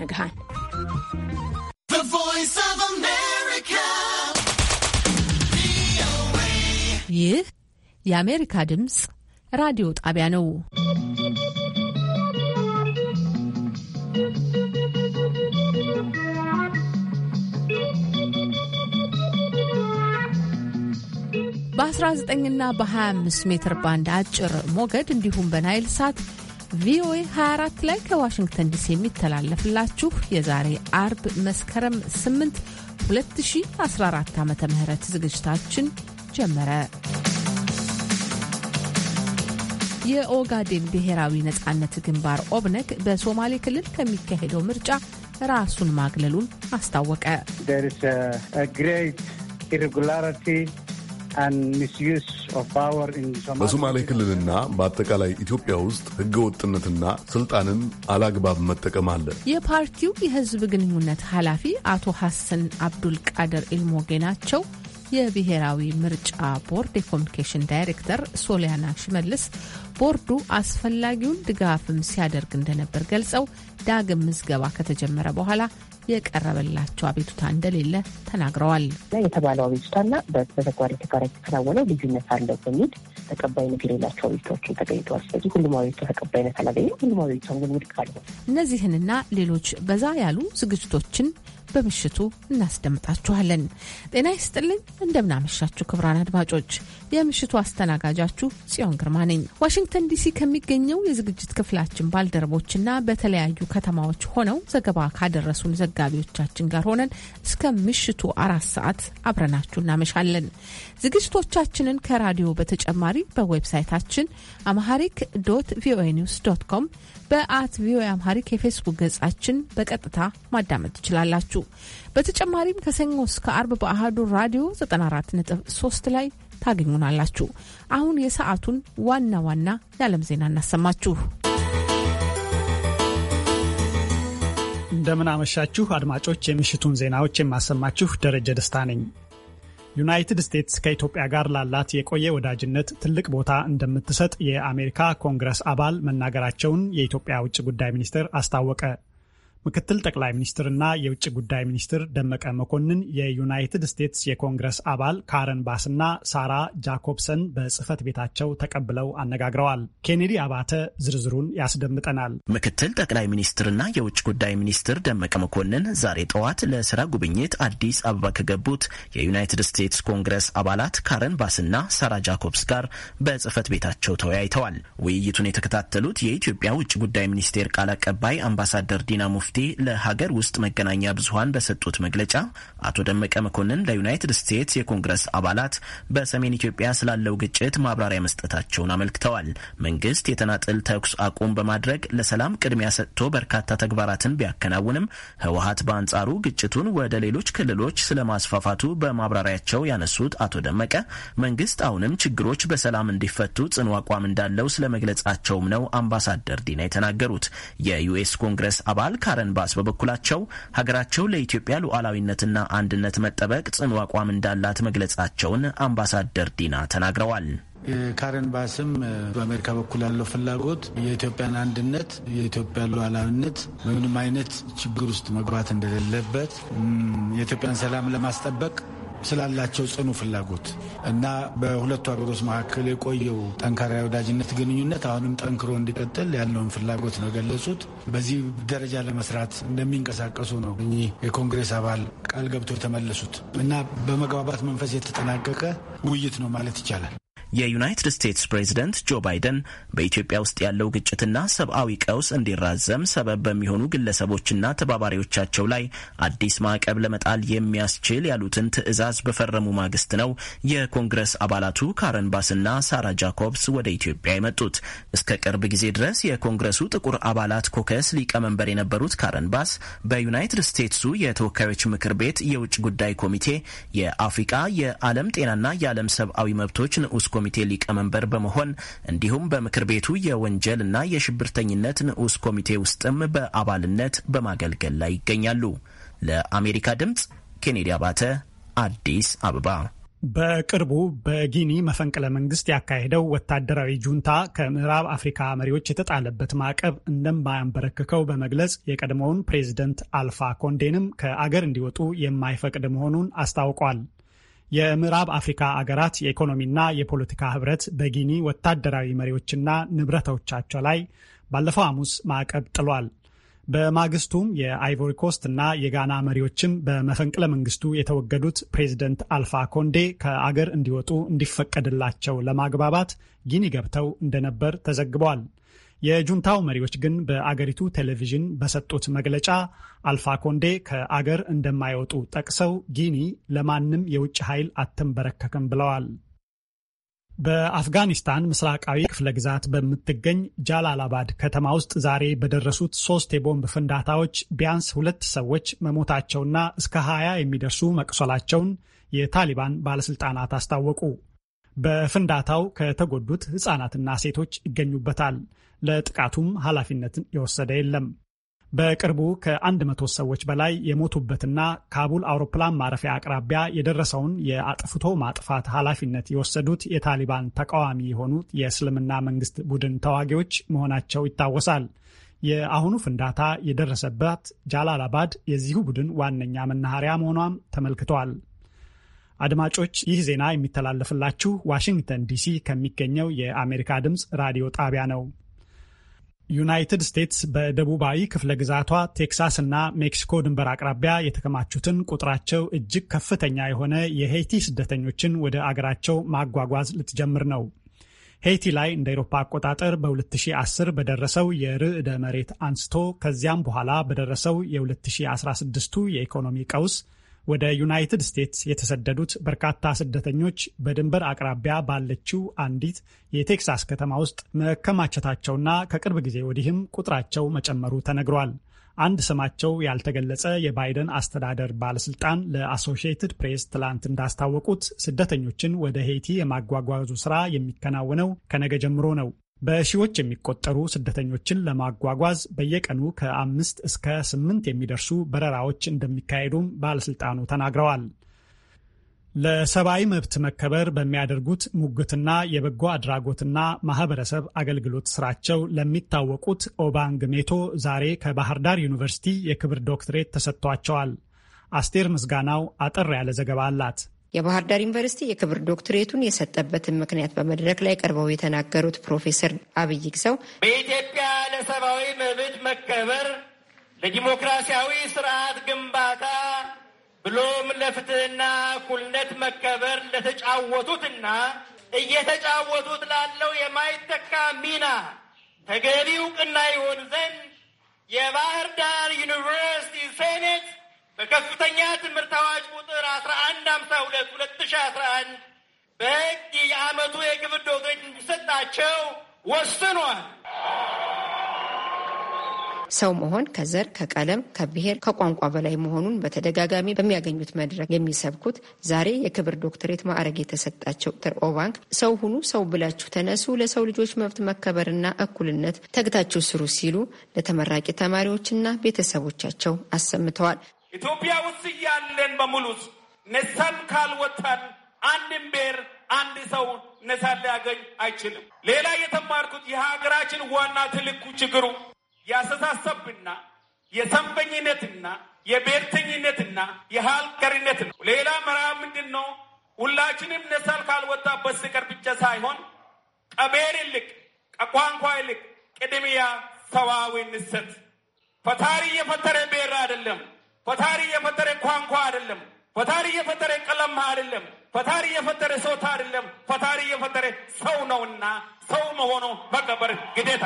ያነግርሃን። ይህ የአሜሪካ ድምፅ ራዲዮ ጣቢያ ነው። በ19 እና በ25 ሜትር ባንድ አጭር ሞገድ እንዲሁም በናይል ሳት ቪኦኤ 24 ላይ ከዋሽንግተን ዲሲ የሚተላለፍላችሁ የዛሬ አርብ መስከረም 8 2014 ዓ ም ዝግጅታችን ጀመረ። የኦጋዴን ብሔራዊ ነጻነት ግንባር ኦብነግ በሶማሌ ክልል ከሚካሄደው ምርጫ ራሱን ማግለሉን አስታወቀ። በሶማሌ ክልልና በአጠቃላይ ኢትዮጵያ ውስጥ ህገወጥነትና ስልጣንን አላግባብ መጠቀም አለ። የፓርቲው የህዝብ ግንኙነት ኃላፊ አቶ ሐሰን አብዱል ቃድር ኢልሞጌ ናቸው። የብሔራዊ ምርጫ ቦርድ የኮሚኒኬሽን ዳይሬክተር ሶሊያና ሽመልስ ቦርዱ አስፈላጊውን ድጋፍም ሲያደርግ እንደነበር ገልጸው ዳግም ምዝገባ ከተጀመረ በኋላ የቀረበላቸው አቤቱታ እንደሌለ ተናግረዋል። የተባለው አቤቱታና በተግባር የተከናወነው ልዩነት አለው በሚል ተቀባይነት የሌላቸው አቤቱታዎችን ተገኝተዋል። ስለዚህ ሁሉም አቤቱታ ተቀባይነት አላገኘም። ሁሉም አቤቱታ ግን ውድቅ አለ። እነዚህንና ሌሎች በዛ ያሉ ዝግጅቶችን በምሽቱ እናስደምጣችኋለን። ጤና ይስጥልኝ። እንደምናመሻችሁ ክቡራን አድማጮች የምሽቱ አስተናጋጃችሁ ጽዮን ግርማ ነኝ። ዋሽንግተን ዲሲ ከሚገኘው የዝግጅት ክፍላችን ባልደረቦችና በተለያዩ ከተማዎች ሆነው ዘገባ ካደረሱን ዘጋቢዎቻችን ጋር ሆነን እስከ ምሽቱ አራት ሰዓት አብረናችሁ እናመሻለን። ዝግጅቶቻችንን ከራዲዮ በተጨማሪ በዌብሳይታችን አምሃሪክ ዶት ቪኦኤ ኒውስ ዶት ኮም በአት ቪኦኤ አምሃሪክ የፌስቡክ ገጻችን በቀጥታ ማዳመጥ ትችላላችሁ። በተጨማሪም ከሰኞ እስከ አርብ በአህዱ ራዲዮ 94.3 ላይ ታገኙናላችሁ። አሁን የሰዓቱን ዋና ዋና የዓለም ዜና እናሰማችሁ። እንደምን አመሻችሁ አድማጮች። የምሽቱን ዜናዎች የማሰማችሁ ደረጀ ደስታ ነኝ። ዩናይትድ ስቴትስ ከኢትዮጵያ ጋር ላላት የቆየ ወዳጅነት ትልቅ ቦታ እንደምትሰጥ የአሜሪካ ኮንግረስ አባል መናገራቸውን የኢትዮጵያ ውጭ ጉዳይ ሚኒስቴር አስታወቀ። ምክትል ጠቅላይ ሚኒስትርና የውጭ ጉዳይ ሚኒስትር ደመቀ መኮንን፣ የዩናይትድ ስቴትስ የኮንግረስ አባል ካረን ባስና ሳራ ጃኮብሰን በጽህፈት ቤታቸው ተቀብለው አነጋግረዋል። ኬኔዲ አባተ ዝርዝሩን ያስደምጠናል። ምክትል ጠቅላይ ሚኒስትርና የውጭ ጉዳይ ሚኒስትር ደመቀ መኮንን ዛሬ ጠዋት ለስራ ጉብኝት አዲስ አበባ ከገቡት የዩናይትድ ስቴትስ ኮንግረስ አባላት ካረን ባስና ሳራ ጃኮብስ ጋር በጽህፈት ቤታቸው ተወያይተዋል። ውይይቱን የተከታተሉት የኢትዮጵያ ውጭ ጉዳይ ሚኒስቴር ቃል አቀባይ አምባሳደር ዲና ሙፍ ሙፍቲ ለሀገር ውስጥ መገናኛ ብዙሀን በሰጡት መግለጫ አቶ ደመቀ መኮንን ለዩናይትድ ስቴትስ የኮንግረስ አባላት በሰሜን ኢትዮጵያ ስላለው ግጭት ማብራሪያ መስጠታቸውን አመልክተዋል። መንግስት የተናጥል ተኩስ አቁም በማድረግ ለሰላም ቅድሚያ ሰጥቶ በርካታ ተግባራትን ቢያከናውንም ህወሀት በአንጻሩ ግጭቱን ወደ ሌሎች ክልሎች ስለማስፋፋቱ በማብራሪያቸው ያነሱት አቶ ደመቀ መንግስት አሁንም ችግሮች በሰላም እንዲፈቱ ጽኑ አቋም እንዳለው ስለመግለጻቸውም ነው አምባሳደር ዲና የተናገሩት። የዩኤስ ኮንግረስ አባል ካረ ካረንባስ በበኩላቸው ሀገራቸው ለኢትዮጵያ ሉዓላዊነትና አንድነት መጠበቅ ጽኑ አቋም እንዳላት መግለጻቸውን አምባሳደር ዲና ተናግረዋል። ካረን ባስም በአሜሪካ በኩል ያለው ፍላጎት የኢትዮጵያን አንድነት የኢትዮጵያ ሉዓላዊነት በምንም አይነት ችግር ውስጥ መግባት እንደሌለበት የኢትዮጵያን ሰላም ለማስጠበቅ ስላላቸው ጽኑ ፍላጎት እና በሁለቱ ሀገሮች መካከል የቆየው ጠንካራ ወዳጅነት ግንኙነት አሁንም ጠንክሮ እንዲቀጥል ያለውን ፍላጎት ነው የገለጹት። በዚህ ደረጃ ለመስራት እንደሚንቀሳቀሱ ነው እኚህ የኮንግሬስ አባል ቃል ገብቶ የተመለሱት እና በመግባባት መንፈስ የተጠናቀቀ ውይይት ነው ማለት ይቻላል። የዩናይትድ ስቴትስ ፕሬዝደንት ጆ ባይደን በኢትዮጵያ ውስጥ ያለው ግጭትና ሰብአዊ ቀውስ እንዲራዘም ሰበብ በሚሆኑ ግለሰቦችና ተባባሪዎቻቸው ላይ አዲስ ማዕቀብ ለመጣል የሚያስችል ያሉትን ትዕዛዝ በፈረሙ ማግስት ነው የኮንግረስ አባላቱ ካረን ባስና ሳራ ጃኮብስ ወደ ኢትዮጵያ የመጡት። እስከ ቅርብ ጊዜ ድረስ የኮንግረሱ ጥቁር አባላት ኮከስ ሊቀመንበር የነበሩት ካረን ባስ በዩናይትድ ስቴትሱ የተወካዮች ምክር ቤት የውጭ ጉዳይ ኮሚቴ የአፍሪቃ የዓለም ጤናና የዓለም ሰብአዊ መብቶች ንዑስ ኮሚቴ ሊቀመንበር በመሆን እንዲሁም በምክር ቤቱ የወንጀል እና የሽብርተኝነት ንዑስ ኮሚቴ ውስጥም በአባልነት በማገልገል ላይ ይገኛሉ። ለአሜሪካ ድምፅ ኬኔዲ አባተ አዲስ አበባ። በቅርቡ በጊኒ መፈንቅለ መንግስት ያካሄደው ወታደራዊ ጁንታ ከምዕራብ አፍሪካ መሪዎች የተጣለበት ማዕቀብ እንደማያንበረክከው በመግለጽ የቀድሞውን ፕሬዝደንት አልፋ ኮንዴንም ከአገር እንዲወጡ የማይፈቅድ መሆኑን አስታውቋል። የምዕራብ አፍሪካ አገራት የኢኮኖሚና የፖለቲካ ህብረት በጊኒ ወታደራዊ መሪዎችና ንብረቶቻቸው ላይ ባለፈው ሐሙስ ማዕቀብ ጥሏል። በማግስቱም የአይቮሪ ኮስት እና የጋና መሪዎችም በመፈንቅለ መንግስቱ የተወገዱት ፕሬዚደንት አልፋ ኮንዴ ከአገር እንዲወጡ እንዲፈቀድላቸው ለማግባባት ጊኒ ገብተው እንደነበር ተዘግበዋል። የጁንታው መሪዎች ግን በአገሪቱ ቴሌቪዥን በሰጡት መግለጫ አልፋ ኮንዴ ከአገር እንደማይወጡ ጠቅሰው ጊኒ ለማንም የውጭ ኃይል አትንበረከክም ብለዋል። በአፍጋኒስታን ምስራቃዊ ክፍለ ግዛት በምትገኝ ጃላላባድ ከተማ ውስጥ ዛሬ በደረሱት ሶስት የቦምብ ፍንዳታዎች ቢያንስ ሁለት ሰዎች መሞታቸውና እስከ ሀያ የሚደርሱ መቁሰላቸውን የታሊባን ባለስልጣናት አስታወቁ። በፍንዳታው ከተጎዱት ሕፃናትና ሴቶች ይገኙበታል። ለጥቃቱም ኃላፊነትን የወሰደ የለም። በቅርቡ ከ100 ሰዎች በላይ የሞቱበትና ካቡል አውሮፕላን ማረፊያ አቅራቢያ የደረሰውን የአጥፍቶ ማጥፋት ኃላፊነት የወሰዱት የታሊባን ተቃዋሚ የሆኑት የእስልምና መንግስት ቡድን ተዋጊዎች መሆናቸው ይታወሳል። የአሁኑ ፍንዳታ የደረሰበት ጃላላባድ የዚሁ ቡድን ዋነኛ መናኸሪያ መሆኗም ተመልክተዋል። አድማጮች፣ ይህ ዜና የሚተላለፍላችሁ ዋሽንግተን ዲሲ ከሚገኘው የአሜሪካ ድምፅ ራዲዮ ጣቢያ ነው። ዩናይትድ ስቴትስ በደቡባዊ ክፍለ ግዛቷ ቴክሳስ እና ሜክሲኮ ድንበር አቅራቢያ የተከማቹትን ቁጥራቸው እጅግ ከፍተኛ የሆነ የሄይቲ ስደተኞችን ወደ አገራቸው ማጓጓዝ ልትጀምር ነው። ሄይቲ ላይ እንደ ኤሮፓ አቆጣጠር በ2010 በደረሰው የርዕደ መሬት አንስቶ ከዚያም በኋላ በደረሰው የ2016ቱ የኢኮኖሚ ቀውስ ወደ ዩናይትድ ስቴትስ የተሰደዱት በርካታ ስደተኞች በድንበር አቅራቢያ ባለችው አንዲት የቴክሳስ ከተማ ውስጥ መከማቸታቸውና ከቅርብ ጊዜ ወዲህም ቁጥራቸው መጨመሩ ተነግሯል። አንድ ስማቸው ያልተገለጸ የባይደን አስተዳደር ባለስልጣን ለአሶሺየትድ ፕሬስ ትላንት እንዳስታወቁት ስደተኞችን ወደ ሄይቲ የማጓጓዙ ስራ የሚከናወነው ከነገ ጀምሮ ነው። በሺዎች የሚቆጠሩ ስደተኞችን ለማጓጓዝ በየቀኑ ከአምስት እስከ ስምንት የሚደርሱ በረራዎች እንደሚካሄዱም ባለሥልጣኑ ተናግረዋል። ለሰብአዊ መብት መከበር በሚያደርጉት ሙግትና የበጎ አድራጎትና ማህበረሰብ አገልግሎት ስራቸው ለሚታወቁት ኦባንግ ሜቶ ዛሬ ከባህር ዳር ዩኒቨርሲቲ የክብር ዶክትሬት ተሰጥቷቸዋል። አስቴር ምስጋናው አጠር ያለ ዘገባ አላት። የባህር ዳር ዩኒቨርሲቲ የክብር ዶክትሬቱን የሰጠበትን ምክንያት በመድረክ ላይ ቀርበው የተናገሩት ፕሮፌሰር አብይ ግዘው በኢትዮጵያ ለሰብአዊ መብት መከበር ለዲሞክራሲያዊ ስርዓት ግንባታ ብሎም ለፍትህና እኩልነት መከበር ለተጫወቱትና እየተጫወቱት ላለው የማይተካ ሚና ተገቢ እውቅና ይሆን ዘንድ የባህር ዳር ዩኒቨርሲቲ ሴኔት በከፍተኛ ትምህርት አዋጅ ቁጥር አስራ አንድ በህግ የአመቱ የክብር ዶክትሬት እንዲሰጣቸው ወስኗል። ሰው መሆን ከዘር፣ ከቀለም፣ ከብሔር፣ ከቋንቋ በላይ መሆኑን በተደጋጋሚ በሚያገኙት መድረክ የሚሰብኩት ዛሬ የክብር ዶክትሬት ማዕረግ የተሰጣቸው ትርኦ ባንክ ሰው ሁኑ፣ ሰው ብላችሁ ተነሱ፣ ለሰው ልጆች መብት መከበርና እኩልነት ተግታችሁ ስሩ ሲሉ ለተመራቂ ተማሪዎችና ቤተሰቦቻቸው አሰምተዋል። ኢትዮጵያ ውስጥ ያለን በሙሉ ነሳን ካልወጣን አንድም ብሔር አንድ ሰው ነሳን ሊያገኝ አይችልም። ሌላ የተማርኩት የሀገራችን ዋና ትልቁ ችግሩ የአስተሳሰብና የሰንበኝነትና የብሔርተኝነትና የሀልቀርነት ነው። ሌላ መራ ምንድን ነው? ሁላችንም ነሳል ካልወጣ በስተቀር ብቻ ሳይሆን ቀቤር ይልቅ ከቋንቋ ይልቅ ቅድሚያ ሰዋዊ ንሰት ፈታሪ የፈጠረ ብሔር አይደለም። ፈታሪ የፈጠረ ቋንቋ አይደለም። ፈታሪ የፈጠረ ቀለም አይደለም። ፈታሪ የፈጠረ ሶት አይደለም። ፈታሪ የፈጠረ ሰው ነውና ሰው መሆኑ መቀበር ግዴታ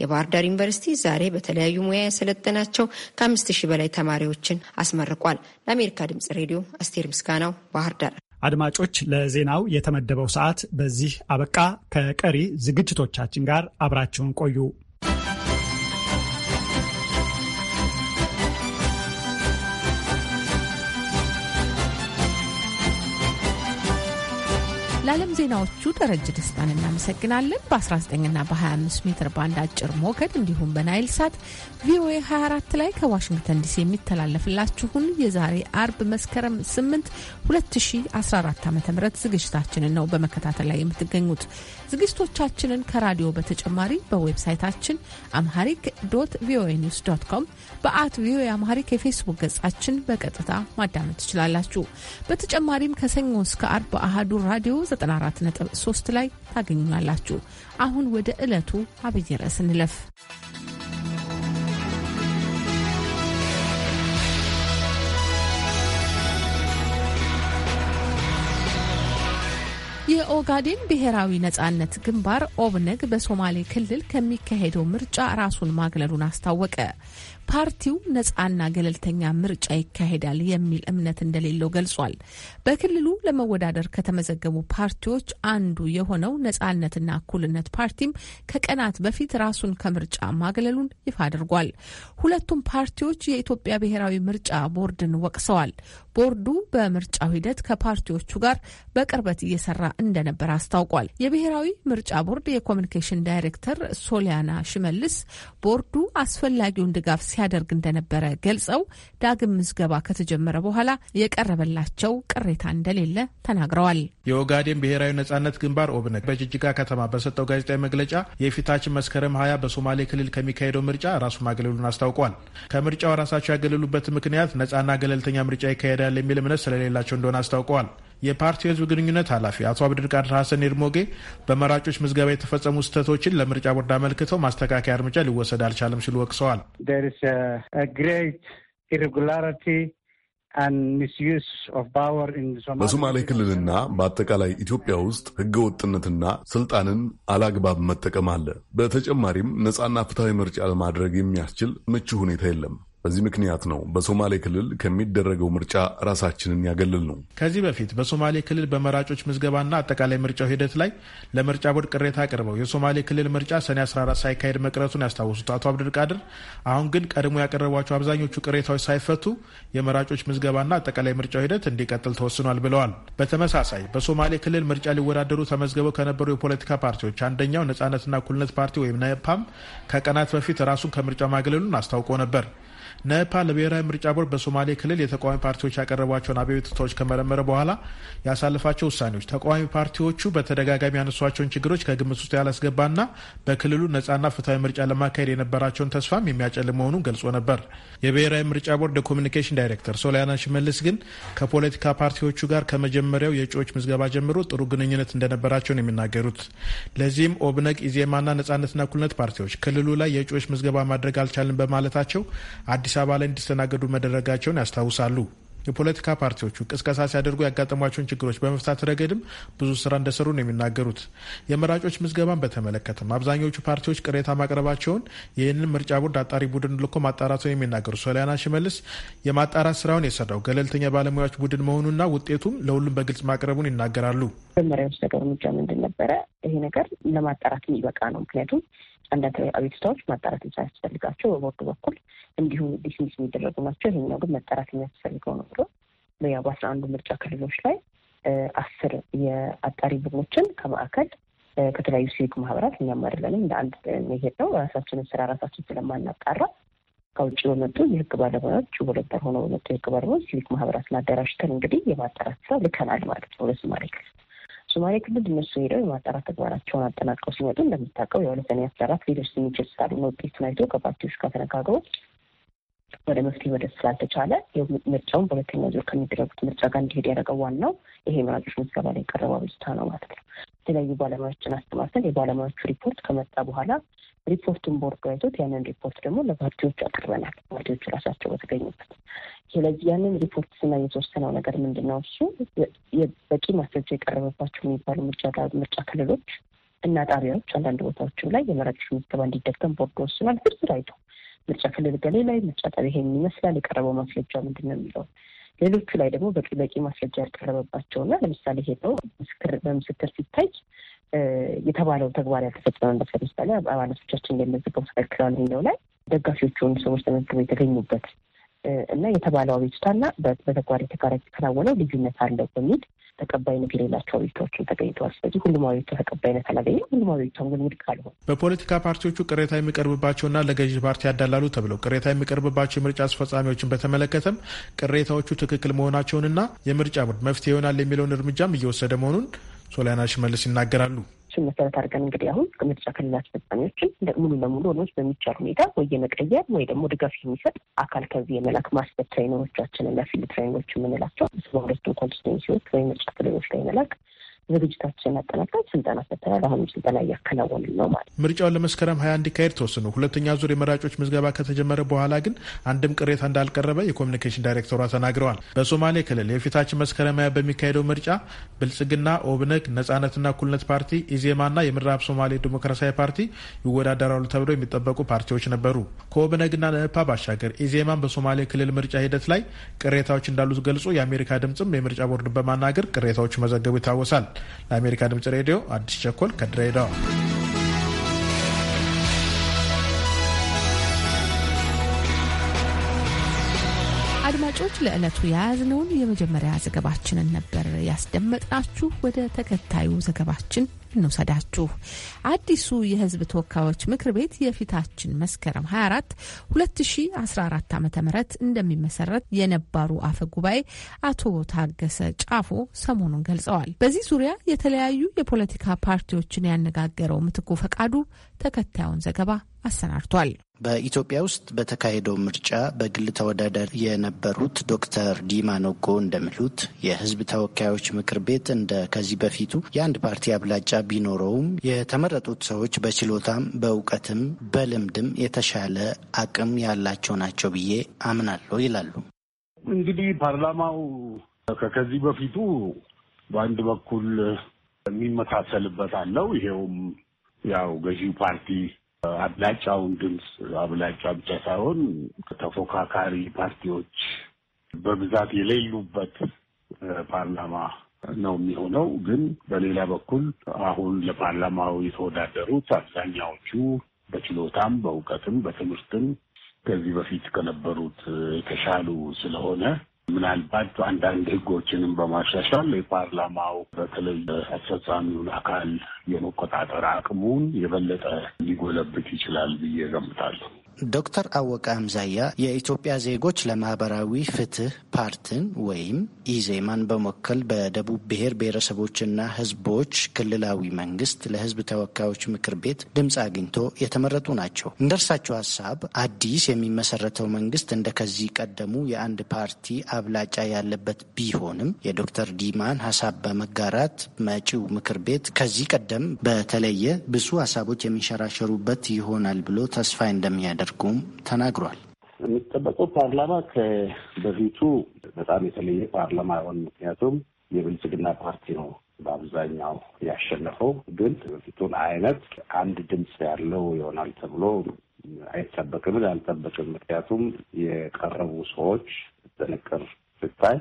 የባህር ዳር ዩኒቨርሲቲ ዛሬ በተለያዩ ሙያ ያሰለጠናቸው ከአምስት ሺህ በላይ ተማሪዎችን አስመርቋል። ለአሜሪካ ድምጽ ሬዲዮ አስቴር ምስጋናው ባህር ዳር። አድማጮች፣ ለዜናው የተመደበው ሰዓት በዚህ አበቃ። ከቀሪ ዝግጅቶቻችን ጋር አብራችሁን ቆዩ። ለዓለም ዜናዎቹ ደረጀ ደስታን እናመሰግናለን። በ19ና በ25 ሜትር ባንድ አጭር ሞገድ እንዲሁም በናይል ሳት ቪኦኤ 24 ላይ ከዋሽንግተን ዲሲ የሚተላለፍላችሁን የዛሬ አርብ መስከረም 8 2014 ዓ ም ዝግጅታችንን ነው በመከታተል ላይ የምትገኙት። ዝግጅቶቻችንን ከራዲዮ በተጨማሪ በዌብሳይታችን አምሃሪክ ዶት ቪኦኤ ኒውስ ዶት ኮም፣ በአት ቪኦኤ አምሃሪክ የፌስቡክ ገጻችን በቀጥታ ማዳመጥ ትችላላችሁ። በተጨማሪም ከሰኞ እስከ አርብ በአህዱ ራዲዮ 94.3 ላይ ታገኙናላችሁ። አሁን ወደ ዕለቱ አብይ ርዕስ እንለፍ። የኦጋዴን ብሔራዊ ነጻነት ግንባር ኦብነግ በሶማሌ ክልል ከሚካሄደው ምርጫ ራሱን ማግለሉን አስታወቀ። ፓርቲው ነፃና ገለልተኛ ምርጫ ይካሄዳል የሚል እምነት እንደሌለው ገልጿል። በክልሉ ለመወዳደር ከተመዘገቡ ፓርቲዎች አንዱ የሆነው ነፃነትና እኩልነት ፓርቲም ከቀናት በፊት ራሱን ከምርጫ ማግለሉን ይፋ አድርጓል። ሁለቱም ፓርቲዎች የኢትዮጵያ ብሔራዊ ምርጫ ቦርድን ወቅሰዋል። ቦርዱ በምርጫው ሂደት ከፓርቲዎቹ ጋር በቅርበት እየሰራ እንደነበር አስታውቋል። የብሔራዊ ምርጫ ቦርድ የኮሚኒኬሽን ዳይሬክተር ሶሊያና ሽመልስ ቦርዱ አስፈላጊውን ድጋፍ ሲያደርግ እንደነበረ ገልጸው ዳግም ምዝገባ ከተጀመረ በኋላ የቀረበላቸው ቅሬታ እንደሌለ ተናግረዋል። የኦጋዴን ብሔራዊ ነጻነት ግንባር ኦብነግ በጅጅጋ ከተማ በሰጠው ጋዜጣዊ መግለጫ የፊታችን መስከረም ሀያ በሶማሌ ክልል ከሚካሄደው ምርጫ ራሱ ማገለሉን አስታውቋል። ከምርጫው ራሳቸው ያገለሉበት ምክንያት ነጻና ገለልተኛ ምርጫ ይካሄዳል ይካሄዳል የሚል እምነት ስለሌላቸው እንደሆነ አስታውቀዋል። የፓርቲው ህዝብ ግንኙነት ኃላፊ አቶ አብድልቃድር ሀሰን ኤርሞጌ በመራጮች ምዝገባ የተፈጸሙ ስህተቶችን ለምርጫ ቦርድ አመልክተው ማስተካከያ እርምጃ ሊወሰድ አልቻለም ሲሉ ወቅሰዋል። በሶማሌ ክልልና በአጠቃላይ ኢትዮጵያ ውስጥ ህገወጥነትና ስልጣንን አላግባብ መጠቀም አለ። በተጨማሪም ነፃና ፍትሐዊ ምርጫ ለማድረግ የሚያስችል ምቹ ሁኔታ የለም። በዚህ ምክንያት ነው በሶማሌ ክልል ከሚደረገው ምርጫ ራሳችንን ያገልል ነው። ከዚህ በፊት በሶማሌ ክልል በመራጮች ምዝገባና አጠቃላይ ምርጫው ሂደት ላይ ለምርጫ ቦርድ ቅሬታ አቅርበው የሶማሌ ክልል ምርጫ ሰኔ 14 ሳይካሄድ መቅረቱን ያስታወሱት አቶ አብዱልቃድር አሁን ግን ቀድሞ ያቀረቧቸው አብዛኞቹ ቅሬታዎች ሳይፈቱ የመራጮች ምዝገባና አጠቃላይ ምርጫው ሂደት እንዲቀጥል ተወስኗል ብለዋል። በተመሳሳይ በሶማሌ ክልል ምርጫ ሊወዳደሩ ተመዝግበው ከነበሩ የፖለቲካ ፓርቲዎች አንደኛው ነጻነትና እኩልነት ፓርቲ ወይም ነፓም ከቀናት በፊት ራሱን ከምርጫ ማግለሉን አስታውቆ ነበር። ነፓል ለብሔራዊ ምርጫ ቦርድ በሶማሌ ክልል የተቃዋሚ ፓርቲዎች ያቀረቧቸውን አቤቱታዎች ከመረመረ በኋላ ያሳልፋቸው ውሳኔዎች ተቃዋሚ ፓርቲዎቹ በተደጋጋሚ ያነሷቸውን ችግሮች ከግምት ውስጥ ያላስገባና በክልሉ ነጻና ፍትሐዊ ምርጫ ለማካሄድ የነበራቸውን ተስፋም የሚያጨልም መሆኑን ገልጾ ነበር። የብሔራዊ ምርጫ ቦርድ ኮሚኒኬሽን ዳይሬክተር ሶሊያና ሽመልስ ግን ከፖለቲካ ፓርቲዎቹ ጋር ከመጀመሪያው የእጩዎች ምዝገባ ጀምሮ ጥሩ ግንኙነት እንደነበራቸው ነው የሚናገሩት። ለዚህም ኦብነግ፣ ኢዜማና ነጻነትና እኩልነት ፓርቲዎች ክልሉ ላይ የእጩዎች ምዝገባ ማድረግ አልቻልን በማለታቸው አዲስ አዲስ አበባ ላይ እንዲስተናገዱ መደረጋቸውን ያስታውሳሉ። የፖለቲካ ፓርቲዎቹ ቅስቀሳ ሲያደርጉ ያጋጠሟቸውን ችግሮች በመፍታት ረገድም ብዙ ስራ እንደሰሩ ነው የሚናገሩት። የመራጮች ምዝገባን በተመለከተም አብዛኞቹ ፓርቲዎች ቅሬታ ማቅረባቸውን ይህንን ምርጫ ቦርድ አጣሪ ቡድን ልኮ ማጣራቱን የሚናገሩት ሶሊያና ሽመልስ የማጣራት ስራውን የሰራው ገለልተኛ ባለሙያዎች ቡድን መሆኑና ውጤቱም ለሁሉም በግልጽ ማቅረቡን ይናገራሉ። መጀመሪያ የወሰደው እርምጃ ምንድን ነበረ? ይሄ ነገር ለማጣራት የሚበቃ ነው ምክንያቱም አንዳንድ አቤቱታዎች ማጣራት ሳያስፈልጋቸው በቦርዱ በኩል እንዲሁ ዲስሚስ የሚደረጉ ናቸው። ይሄኛው ግን መጣራት የሚያስፈልገው ነው ብሎ ያ በአስራ አንዱ ምርጫ ክልሎች ላይ አስር የአጣሪ ቡድኖችን ከማዕከል ከተለያዩ ሲቪክ ማህበራት እኛም አይደለንም እንደ አንድ መሄድ ነው። ራሳችንን ስራ ራሳችን ስለማናጣራ ከውጭ በመጡ የህግ ባለሙያዎች ወለበር ሆነው በመጡ የህግ ባለሙያዎች ሲቪክ ማህበራትን አደራጅተን እንግዲህ የማጣራት ስራ ልከናል ማለት ነው ለሶማሌ ክልል። ሶማሌ ክልል እነሱ ሄደው የማጣራት ተግባራቸውን አጠናቀው ሲመጡ እንደምታውቀው የሁለተኛ አሰራት ሌሎች ሊደርስ ስታሉ ሳሉን ውጤቱን አይቶ ከፓርቲዎች ጋር ተነጋግሮ ወደ መፍትሄ መድረስ ስላልተቻለ ምርጫውን በሁለተኛ ዙር ከሚደረጉት ምርጫ ጋር እንዲሄድ ያደረገው ዋናው ይሄ መራጮች ምዝገባ ላይ የቀረበ አቤቱታ ነው ማለት ነው። የተለያዩ ባለሙያዎችን አስተማርተን የባለሙያዎቹ ሪፖርት ከመጣ በኋላ ሪፖርቱን ቦርዱ አይቶት ያንን ሪፖርት ደግሞ ለፓርቲዎቹ አቅርበናል። ፓርቲዎቹ ራሳቸው በተገኙበት። ስለዚህ ያንን ሪፖርት ስና የተወሰነው ነገር ምንድን ነው? እሱ በቂ ማስረጃ የቀረበባቸው የሚባሉ ምርጫ ክልሎች እና ጣቢያዎች፣ አንዳንድ ቦታዎችም ላይ የመራጮች ምዝገባ እንዲደገም ቦርዱ ወስኗል። ዝርዝር አይቶ ምርጫ ክልል ገሌ ላይ ምርጫ ጣቢያ ይሄን ይመስላል የቀረበው ማስረጃ ምንድን ነው የሚለውን ሌሎቹ ላይ ደግሞ በቂ ማስረጃ ያልቀረበባቸውና ለምሳሌ ሄደው ምስክር በምስክር ሲታይ የተባለው ተግባር ያልተፈጸመ ያልተፈጸመበት ምሳሌ አባላቶቻችን እንደመዘገቡ ተከልክለዋል የሚለው ላይ ደጋፊዎቹን ሰዎች ተመዝግበው የተገኙበት እና የተባለው አቤቱታና በተግባር የተከናወነው ልዩነት አለው በሚል ተቀባይነት የሌላቸው አቤቱታዎችን ተገኝተዋል። ስለዚህ ሁሉም አቤቱታ ተቀባይነት አላገኘም። ሁሉም አቤቱታ ግን ውድቅ አልሆነ። በፖለቲካ ፓርቲዎቹ ቅሬታ የሚቀርብባቸውና ለገዢ ፓርቲ ያዳላሉ ተብለው ቅሬታ የሚቀርብባቸው የምርጫ አስፈጻሚዎችን በተመለከተም ቅሬታዎቹ ትክክል መሆናቸውንና የምርጫ ቦርድ መፍትሄ ይሆናል የሚለውን እርምጃም እየወሰደ መሆኑን ሶሊያና ሽመልስ ይናገራሉ። እሱን መሰረት አድርገን እንግዲህ አሁን ከምርጫ ክልል አስፈጻሚዎችን ሙሉ ለሙሉ ሆኖች በሚቻል ሁኔታ ወይ የመቀየር ወይ ደግሞ ድጋፍ የሚሰጥ አካል ከዚህ የመላክ ማስበት ትሬነሮቻችንና ፊልድ ትሬነሮች የምንላቸው በሁለቱም ኮንስቲትዌንሲዎች ወይ ምርጫ ክልሎች ላይ መላክ ዝግጅታችን አጠናቀን ስልጠና ሰጥተናል። አሁንም ስልጠና እያከናወንን ነው ማለት ምርጫውን ለመስከረም ሀያ እንዲካሄድ ተወስኖ ሁለተኛ ዙር የመራጮች ምዝገባ ከተጀመረ በኋላ ግን አንድም ቅሬታ እንዳልቀረበ የኮሚኒኬሽን ዳይሬክተሯ ተናግረዋል። በሶማሌ ክልል የፊታችን መስከረም ሀያ በሚካሄደው ምርጫ ብልጽግና፣ ኦብነግ፣ ነጻነትና እኩልነት ፓርቲ፣ ኢዜማና የምዕራብ ሶማሌ ዲሞክራሲያዊ ፓርቲ ይወዳደራሉ ተብለው የሚጠበቁ ፓርቲዎች ነበሩ። ከኦብነግና ነፓ ባሻገር ኢዜማን በሶማሌ ክልል ምርጫ ሂደት ላይ ቅሬታዎች እንዳሉት ገልጾ የአሜሪካ ድምፅም የምርጫ ቦርድን በማናገር ቅሬታዎች መዘገቡ ይታወሳል። ለአሜሪካ ድምጽ ሬዲዮ አዲስ ቸኮል ከድሬዳዋ። አድማጮች ለዕለቱ የያዝነውን የመጀመሪያ ዘገባችንን ነበር ያስደመጥናችሁ። ወደ ተከታዩ ዘገባችን እንውሰዳችሁ። አዲሱ የህዝብ ተወካዮች ምክር ቤት የፊታችን መስከረም 24 2014 ዓ ም እንደሚመሰረት የነባሩ አፈ ጉባኤ አቶ ታገሰ ጫፎ ሰሞኑን ገልጸዋል። በዚህ ዙሪያ የተለያዩ የፖለቲካ ፓርቲዎችን ያነጋገረው ምትኩ ፈቃዱ ተከታዩን ዘገባ አሰናድቷል። በኢትዮጵያ ውስጥ በተካሄደው ምርጫ በግል ተወዳዳሪ የነበሩት ዶክተር ዲማ ኖጎ እንደሚሉት የሕዝብ ተወካዮች ምክር ቤት እንደ ከዚህ በፊቱ የአንድ ፓርቲ አብላጫ ቢኖረውም የተመረጡት ሰዎች በችሎታም በእውቀትም በልምድም የተሻለ አቅም ያላቸው ናቸው ብዬ አምናለሁ ይላሉ። እንግዲህ ፓርላማው ከከዚህ በፊቱ በአንድ በኩል የሚመሳሰልበት አለው። ይሄውም ያው ገዢው ፓርቲ አብላጫውን ድምፅ አብላጫ ብቻ ሳይሆን ተፎካካሪ ፓርቲዎች በብዛት የሌሉበት ፓርላማ ነው የሚሆነው። ግን በሌላ በኩል አሁን ለፓርላማው የተወዳደሩት አብዛኛዎቹ በችሎታም በእውቀትም በትምህርትም ከዚህ በፊት ከነበሩት የተሻሉ ስለሆነ ምናልባት አንዳንድ ህጎችንም በማሻሻል የፓርላማው በተለይ አስፈጻሚውን አካል የመቆጣጠር አቅሙን የበለጠ ሊጎለብት ይችላል ብዬ ገምታለሁ። ዶክተር አወቀ አምዛያ የኢትዮጵያ ዜጎች ለማህበራዊ ፍትህ ፓርቲን ወይም ኢዜማን በመወከል በደቡብ ብሔር ብሔረሰቦችና ህዝቦች ክልላዊ መንግስት ለህዝብ ተወካዮች ምክር ቤት ድምፅ አግኝቶ የተመረጡ ናቸው። እንደ እርሳቸው ሀሳብ አዲስ የሚመሰረተው መንግስት እንደ ከዚህ ቀደሙ የአንድ ፓርቲ አብላጫ ያለበት ቢሆንም የዶክተር ዲማን ሀሳብ በመጋራት መጪው ምክር ቤት ከዚህ ቀደም በተለየ ብዙ ሀሳቦች የሚንሸራሸሩበት ይሆናል ብሎ ተስፋ እንደሚያደርግ እንደሚያደርጉም ተናግሯል። የሚጠበቀው ፓርላማ ከበፊቱ በጣም የተለየ ፓርላማ አይሆን። ምክንያቱም የብልጽግና ፓርቲ ነው በአብዛኛው ያሸነፈው፣ ግን በፊቱን አይነት አንድ ድምፅ ያለው ይሆናል ተብሎ አይጠበቅም አልጠበቅም። ምክንያቱም የቀረቡ ሰዎች ጥንቅር ስታይ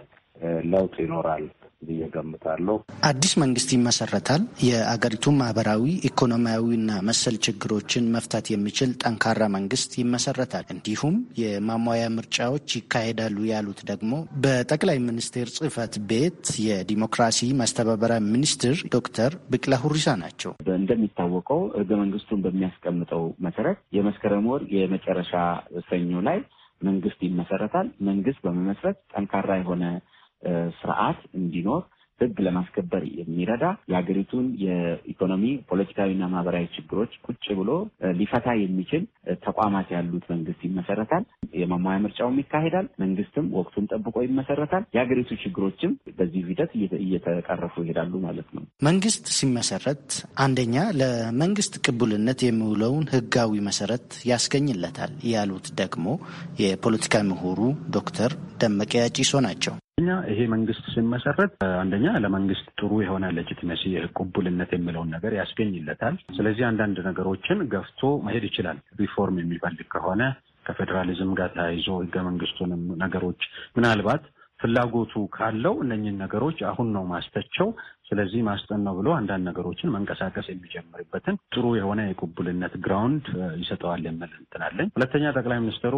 ለውጥ ይኖራል ብዬ ገምታለሁ። አዲስ መንግስት ይመሰረታል። የአገሪቱ ማህበራዊ ኢኮኖሚያዊና መሰል ችግሮችን መፍታት የሚችል ጠንካራ መንግስት ይመሰረታል። እንዲሁም የማሟያ ምርጫዎች ይካሄዳሉ ያሉት ደግሞ በጠቅላይ ሚኒስቴር ጽህፈት ቤት የዲሞክራሲ ማስተባበሪያ ሚኒስትር ዶክተር ብቅላ ሁሪሳ ናቸው። እንደሚታወቀው ህገ መንግስቱን በሚያስቀምጠው መሰረት የመስከረም ወር የመጨረሻ ሰኞ ላይ መንግስት ይመሰረታል። መንግስት በመመስረት ጠንካራ የሆነ ስርዓት እንዲኖር ህግ ለማስከበር የሚረዳ የሀገሪቱን የኢኮኖሚ ፖለቲካዊና ማህበራዊ ችግሮች ቁጭ ብሎ ሊፈታ የሚችል ተቋማት ያሉት መንግስት ይመሰረታል። የመሟያ ምርጫውም ይካሄዳል። መንግስትም ወቅቱን ጠብቆ ይመሰረታል። የሀገሪቱ ችግሮችም በዚህ ሂደት እየተቀረፉ ይሄዳሉ ማለት ነው። መንግስት ሲመሰረት አንደኛ ለመንግስት ቅቡልነት የሚውለውን ህጋዊ መሰረት ያስገኝለታል ያሉት ደግሞ የፖለቲካ ምሁሩ ዶክተር ደመቀ ያጪሶ ናቸው። እኛ ይሄ መንግስት ሲመሰረት አንደኛ ለመንግስት ጥሩ የሆነ ሌጂትመሲ ቁቡልነት የሚለውን ነገር ያስገኝለታል። ስለዚህ አንዳንድ ነገሮችን ገፍቶ መሄድ ይችላል። ሪፎርም የሚፈልግ ከሆነ ከፌዴራሊዝም ጋር ተያይዞ ህገ መንግስቱንም ነገሮች ምናልባት ፍላጎቱ ካለው እነኝን ነገሮች አሁን ነው ማስተቸው ስለዚህ ማስጠን ነው ብሎ አንዳንድ ነገሮችን መንቀሳቀስ የሚጀምርበትን ጥሩ የሆነ የቁብልነት ግራውንድ ይሰጠዋል የምል እንትናለን። ሁለተኛ ጠቅላይ ሚኒስትሩ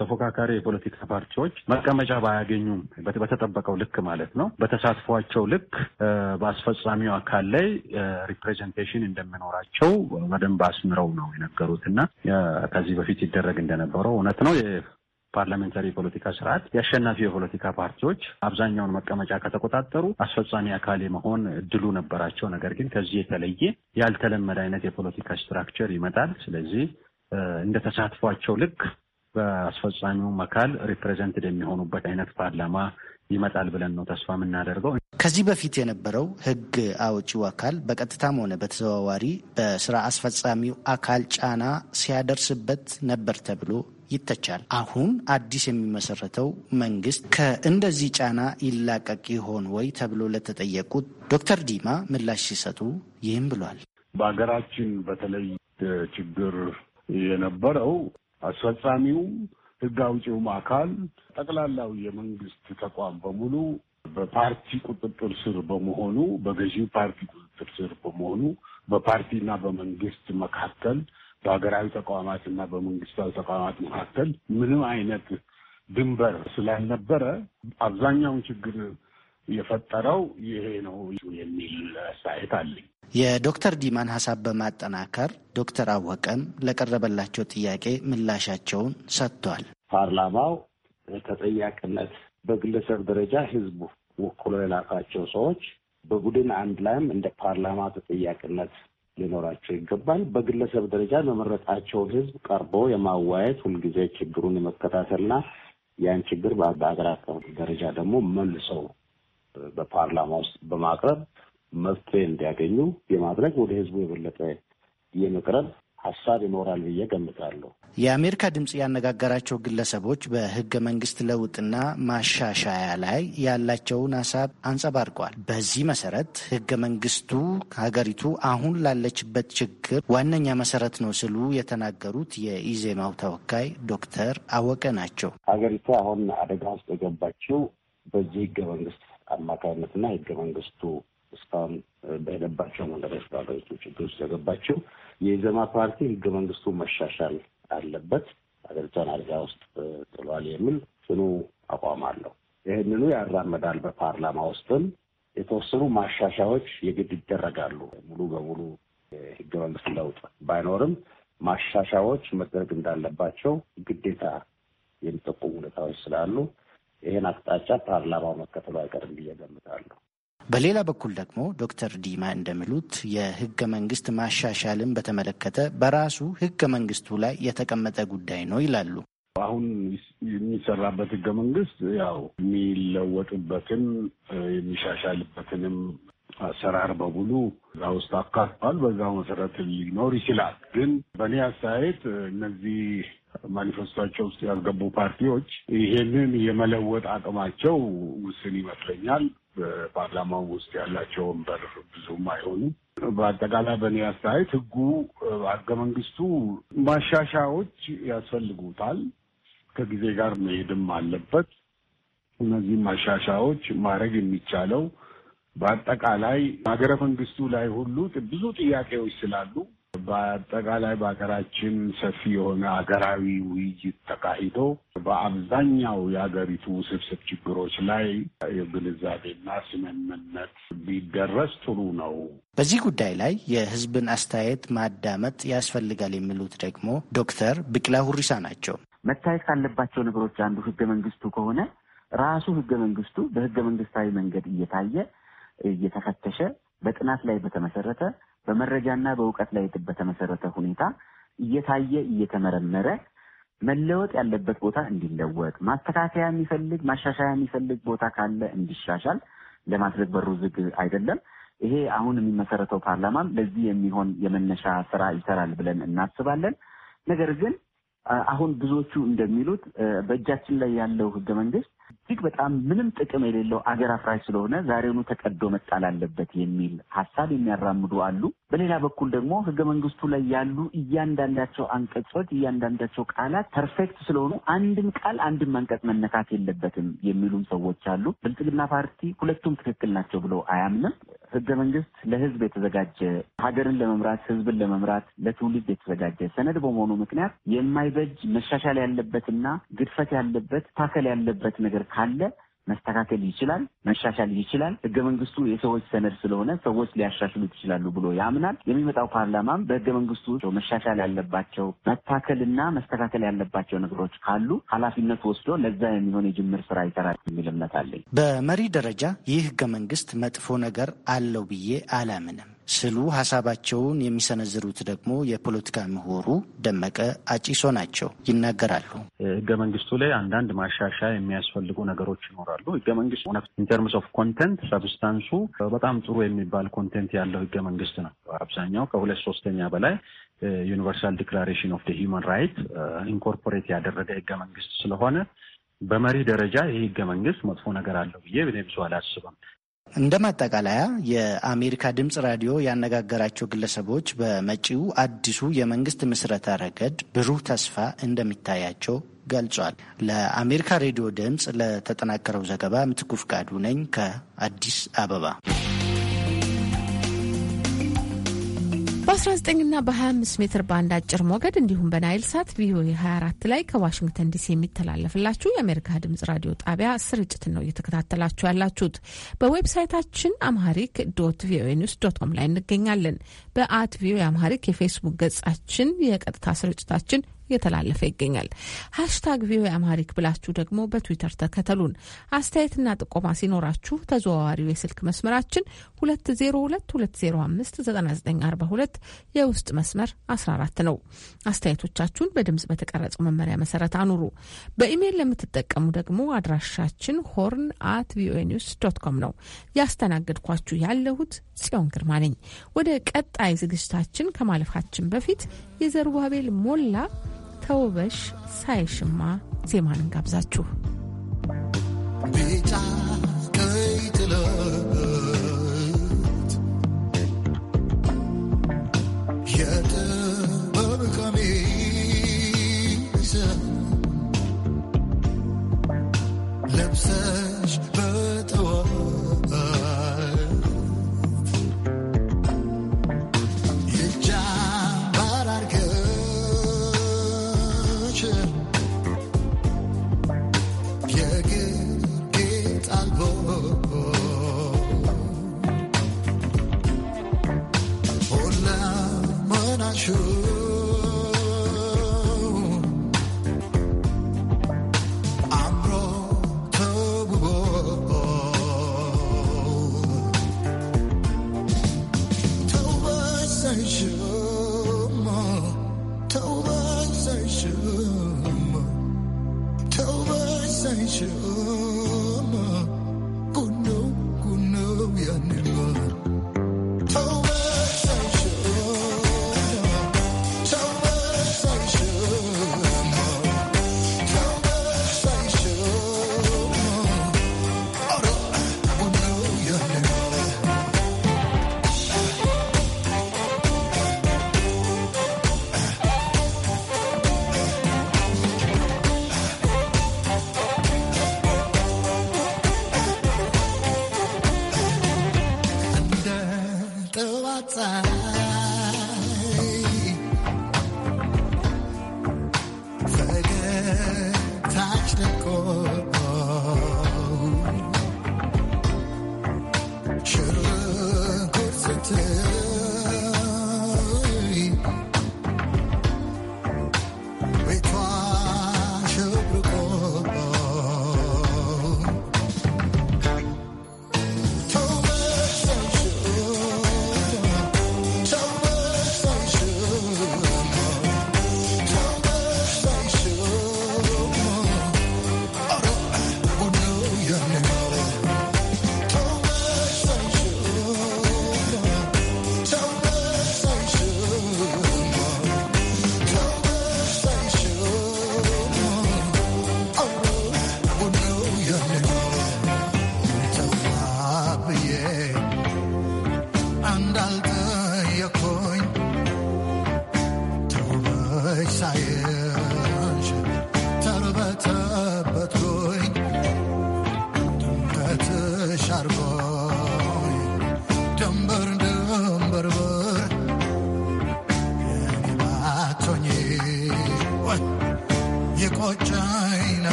ተፎካካሪ የፖለቲካ ፓርቲዎች መቀመጫ ባያገኙም በተጠበቀው ልክ ማለት ነው በተሳትፏቸው ልክ በአስፈጻሚው አካል ላይ ሪፕሬዘንቴሽን እንደሚኖራቸው በደንብ አስምረው ነው የነገሩት እና ከዚህ በፊት ይደረግ እንደነበረው እውነት ነው ፓርላሜንታሪ የፖለቲካ ስርዓት የአሸናፊ የፖለቲካ ፓርቲዎች አብዛኛውን መቀመጫ ከተቆጣጠሩ አስፈጻሚ አካል የመሆን እድሉ ነበራቸው። ነገር ግን ከዚህ የተለየ ያልተለመደ አይነት የፖለቲካ ስትራክቸር ይመጣል። ስለዚህ እንደ ተሳትፏቸው ልክ በአስፈጻሚውም አካል ሪፕሬዘንትድ የሚሆኑበት አይነት ፓርላማ ይመጣል ብለን ነው ተስፋ የምናደርገው። ከዚህ በፊት የነበረው ህግ አውጪው አካል በቀጥታም ሆነ በተዘዋዋሪ በስራ አስፈጻሚው አካል ጫና ሲያደርስበት ነበር ተብሎ ይተቻል። አሁን አዲስ የሚመሰረተው መንግስት ከእንደዚህ ጫና ይላቀቅ ይሆን ወይ ተብሎ ለተጠየቁት ዶክተር ዲማ ምላሽ ሲሰጡ ይህም ብሏል። በሀገራችን በተለይ ችግር የነበረው አስፈጻሚውም ህግ አውጪውም አካል ጠቅላላው የመንግስት ተቋም በሙሉ በፓርቲ ቁጥጥር ስር በመሆኑ በገዢው ፓርቲ ቁጥጥር ስር በመሆኑ በፓርቲና በመንግስት መካከል በሀገራዊ ተቋማት እና በመንግስታዊ ተቋማት መካከል ምንም አይነት ድንበር ስላልነበረ አብዛኛውን ችግር የፈጠረው ይሄ ነው የሚል አስተያየት አለኝ። የዶክተር ዲማን ሀሳብ በማጠናከር ዶክተር አወቀም ለቀረበላቸው ጥያቄ ምላሻቸውን ሰጥቷል። ፓርላማው ተጠያቂነት በግለሰብ ደረጃ ህዝቡ ወክሎ የላካቸው ሰዎች በቡድን አንድ ላይም እንደ ፓርላማ ተጠያቂነት ሊኖራቸው ይገባል። በግለሰብ ደረጃ ለመረጣቸውን ህዝብ ቀርቦ የማዋየት ሁልጊዜ ችግሩን የመከታተልና ያን ችግር በሀገር አቀፍ ደረጃ ደግሞ መልሰው በፓርላማ ውስጥ በማቅረብ መፍትሄ እንዲያገኙ የማድረግ ወደ ህዝቡ የበለጠ የመቅረብ ሀሳብ ይኖራል ብዬ ገምታለሁ። የአሜሪካ ድምፅ ያነጋገራቸው ግለሰቦች በህገ መንግስት ለውጥና ማሻሻያ ላይ ያላቸውን ሀሳብ አንጸባርቀዋል። በዚህ መሰረት ህገ መንግስቱ ሀገሪቱ አሁን ላለችበት ችግር ዋነኛ መሰረት ነው ስሉ የተናገሩት የኢዜማው ተወካይ ዶክተር አወቀ ናቸው። ሀገሪቱ አሁን አደጋ ውስጥ የገባችው በዚህ ህገ መንግስት አማካኝነትና ህገ መንግስቱ እስካሁን በሄደባቸው መንገዶች በሀገሪቱ ችግር ውስጥ የገባቸው የኢዘማ ፓርቲ ህገ መንግስቱ መሻሻል አለበት፣ ሀገሪቷን አደጋ ውስጥ ጥሏል የሚል ጽኑ አቋም አለው። ይህንኑ ያራመዳል በፓርላማ ውስጥም የተወሰኑ ማሻሻዎች የግድ ይደረጋሉ። ሙሉ በሙሉ ህገ መንግስት ለውጥ ባይኖርም ማሻሻዎች መደረግ እንዳለባቸው ግዴታ የሚጠቁሙ ሁኔታዎች ስላሉ ይህን አቅጣጫ ፓርላማው መከተሉ አይቀርም ብዬ ገምታለሁ። በሌላ በኩል ደግሞ ዶክተር ዲማ እንደሚሉት የህገ መንግስት ማሻሻልን በተመለከተ በራሱ ህገ መንግስቱ ላይ የተቀመጠ ጉዳይ ነው ይላሉ። አሁን የሚሰራበት ህገ መንግስት ያው የሚለወጥበትን የሚሻሻልበትንም አሰራር በሙሉ እዛ ውስጥ አካቷል። በዛው መሰረት ሊኖር ይችላል። ግን በእኔ አስተያየት እነዚህ ማኒፌስቶቸው ውስጥ ያስገቡ ፓርቲዎች ይሄንን የመለወጥ አቅማቸው ውስን ይመስለኛል። በፓርላማው ውስጥ ያላቸው ወንበር ብዙም አይሆኑም። በአጠቃላይ በእኔ አስተያየት ህጉ ህገ መንግስቱ ማሻሻያዎች ያስፈልጉታል። ከጊዜ ጋር መሄድም አለበት። እነዚህ ማሻሻያዎች ማድረግ የሚቻለው በአጠቃላይ ሀገረ መንግስቱ ላይ ሁሉ ብዙ ጥያቄዎች ስላሉ በአጠቃላይ በሀገራችን ሰፊ የሆነ ሀገራዊ ውይይት ተካሂዶ በአብዛኛው የሀገሪቱ ውስብስብ ችግሮች ላይ የግንዛቤና ስምምነት ቢደረስ ጥሩ ነው። በዚህ ጉዳይ ላይ የሕዝብን አስተያየት ማዳመጥ ያስፈልጋል የሚሉት ደግሞ ዶክተር ብቅላ ሁሪሳ ናቸው። መታየት ካለባቸው ነገሮች አንዱ ህገ መንግስቱ ከሆነ ራሱ ህገ መንግስቱ በህገ መንግስታዊ መንገድ እየታየ እየተፈተሸ በጥናት ላይ በተመሰረተ በመረጃና በእውቀት ላይ በተመሰረተ ሁኔታ እየታየ እየተመረመረ መለወጥ ያለበት ቦታ እንዲለወጥ፣ ማስተካከያ የሚፈልግ ማሻሻያ የሚፈልግ ቦታ ካለ እንዲሻሻል ለማድረግ በሩ ዝግ አይደለም። ይሄ አሁን የሚመሰረተው ፓርላማም ለዚህ የሚሆን የመነሻ ስራ ይሰራል ብለን እናስባለን። ነገር ግን አሁን ብዙዎቹ እንደሚሉት በእጃችን ላይ ያለው ህገ መንግስት እጅግ በጣም ምንም ጥቅም የሌለው አገር አፍራሽ ስለሆነ ዛሬውኑ ተቀዶ መጣል አለበት የሚል ሀሳብ የሚያራምዱ አሉ። በሌላ በኩል ደግሞ ህገ መንግስቱ ላይ ያሉ እያንዳንዳቸው አንቀጾች፣ እያንዳንዳቸው ቃላት ፐርፌክት ስለሆኑ አንድም ቃል አንድም አንቀጽ መነካት የለበትም የሚሉም ሰዎች አሉ። ብልጽግና ፓርቲ ሁለቱም ትክክል ናቸው ብሎ አያምንም። ህገ መንግስት ለህዝብ የተዘጋጀ ሀገርን ለመምራት ህዝብን ለመምራት ለትውልድ የተዘጋጀ ሰነድ በመሆኑ ምክንያት የማይበጅ መሻሻል ያለበትና ግድፈት ያለበት ታከል ያለበት ነገር ካለ መስተካከል ይችላል፣ መሻሻል ይችላል። ህገ መንግስቱ የሰዎች ሰነድ ስለሆነ ሰዎች ሊያሻሽሉት ይችላሉ ብሎ ያምናል። የሚመጣው ፓርላማም በህገ መንግስቱ መሻሻል ያለባቸው መታከልና መስተካከል ያለባቸው ነገሮች ካሉ ኃላፊነት ወስዶ ለዛ የሚሆን የጅምር ስራ ይሰራል የሚል እምነት አለኝ። በመሪ ደረጃ ይህ ህገ መንግስት መጥፎ ነገር አለው ብዬ አላምንም። ስሉ ሀሳባቸውን የሚሰነዝሩት ደግሞ የፖለቲካ ምሁሩ ደመቀ አጭሶ ናቸው። ይናገራሉ። ህገ መንግስቱ ላይ አንዳንድ ማሻሻያ የሚያስፈልጉ ነገሮች ይኖራሉ። ህገ መንግስቱ ኢንተርምስ ኦፍ ኮንተንት ሰብስታንሱ በጣም ጥሩ የሚባል ኮንቴንት ያለው ህገ መንግስት ነው። አብዛኛው ከሁለት ሶስተኛ በላይ ዩኒቨርሳል ዲክላሬሽን ኦፍ ሂውማን ራይት ኢንኮርፖሬት ያደረገ ህገ መንግስት ስለሆነ በመሪ ደረጃ ይህ ህገ መንግስት መጥፎ ነገር አለው ብዬ ብዙ አላስብም። እንደ ማጠቃለያ የአሜሪካ ድምፅ ራዲዮ ያነጋገራቸው ግለሰቦች በመጪው አዲሱ የመንግስት ምስረታ ረገድ ብሩህ ተስፋ እንደሚታያቸው ገልጿል። ለአሜሪካ ሬዲዮ ድምፅ ለተጠናከረው ዘገባ ምትኩ ፍቃዱ ነኝ ከአዲስ አበባ። በ19ና በ25 ሜትር ባንድ አጭር ሞገድ እንዲሁም በናይል ሳት ቪኦኤ 24 ላይ ከዋሽንግተን ዲሲ የሚተላለፍላችሁ የአሜሪካ ድምጽ ራዲዮ ጣቢያ ስርጭትን ነው እየተከታተላችሁ ያላችሁት። በዌብሳይታችን አምሃሪክ ዶት ቪኦኤ ኒውስ ዶት ኮም ላይ እንገኛለን። በአት ቪኦኤ አምሃሪክ የፌስቡክ ገጻችን የቀጥታ ስርጭታችን እየተላለፈ ይገኛል። ሀሽታግ ቪኦኤ አማሪክ ብላችሁ ደግሞ በትዊተር ተከተሉን። አስተያየትና ጥቆማ ሲኖራችሁ ተዘዋዋሪው የስልክ መስመራችን 2022059942 የውስጥ መስመር 14 ነው። አስተያየቶቻችሁን በድምጽ በተቀረጸው መመሪያ መሰረት አኑሩ። በኢሜይል ለምትጠቀሙ ደግሞ አድራሻችን ሆርን አት ቪኦኤ ኒውስ ዶት ኮም ነው። ያስተናገድኳችሁ ያለሁት ጽዮን ግርማ ነኝ። ወደ ቀጣይ ዝግጅታችን ከማለፋችን በፊት የዘሩባቤል ሞላ ተውበሽ ሳይሽማ ዜማን እንጋብዛችሁ። ቤጫ till I die. Forget touch the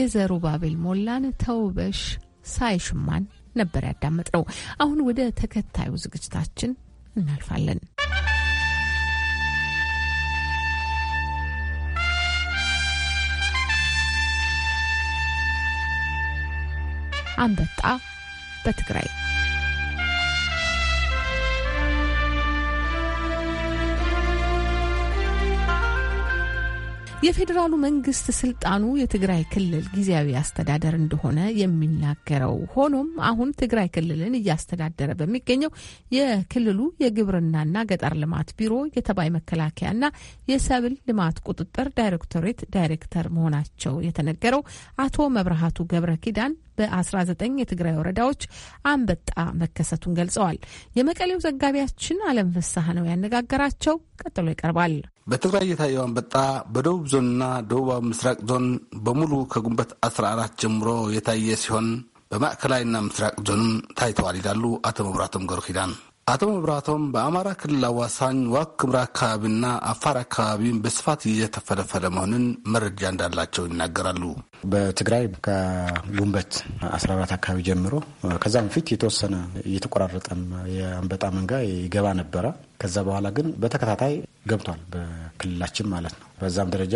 የዘሩባቤል ሞላን ተውበሽ ሳይሽማን ነበር ያዳመጥ ነው። አሁን ወደ ተከታዩ ዝግጅታችን እናልፋለን። አንበጣ በትግራይ የፌዴራሉ መንግስት ስልጣኑ የትግራይ ክልል ጊዜያዊ አስተዳደር እንደሆነ የሚናገረው ሆኖም አሁን ትግራይ ክልልን እያስተዳደረ በሚገኘው የክልሉ የግብርናና ገጠር ልማት ቢሮ የተባይ መከላከያና የሰብል ልማት ቁጥጥር ዳይሬክቶሬት ዳይሬክተር መሆናቸው የተነገረው አቶ መብርሃቱ ገብረ ኪዳን በ19 የትግራይ ወረዳዎች አንበጣ መከሰቱን ገልጸዋል። የመቀሌው ዘጋቢያችን አለም ፍስሐ ነው ያነጋገራቸው። ቀጥሎ ይቀርባል። በትግራይ የታየው አንበጣ በደቡብ ዞንና ደቡባዊ ምስራቅ ዞን በሙሉ ከግንቦት 14 ጀምሮ የታየ ሲሆን በማዕከላዊና ምስራቅ ዞንም ታይተዋል ይላሉ አቶ መብራቶም ገብረ ኪዳን አቶ መብራቶም በአማራ ክልል አዋሳኝ ዋግ አካባቢና አፋር አካባቢን በስፋት እየተፈለፈለ መሆኑን መረጃ እንዳላቸው ይናገራሉ። በትግራይ ከጉንበት 14 አካባቢ ጀምሮ ከዛ በፊት የተወሰነ እየተቆራረጠም የአንበጣ መንጋ ይገባ ነበረ። ከዛ በኋላ ግን በተከታታይ ገብቷል በክልላችን ማለት ነው። በዛም ደረጃ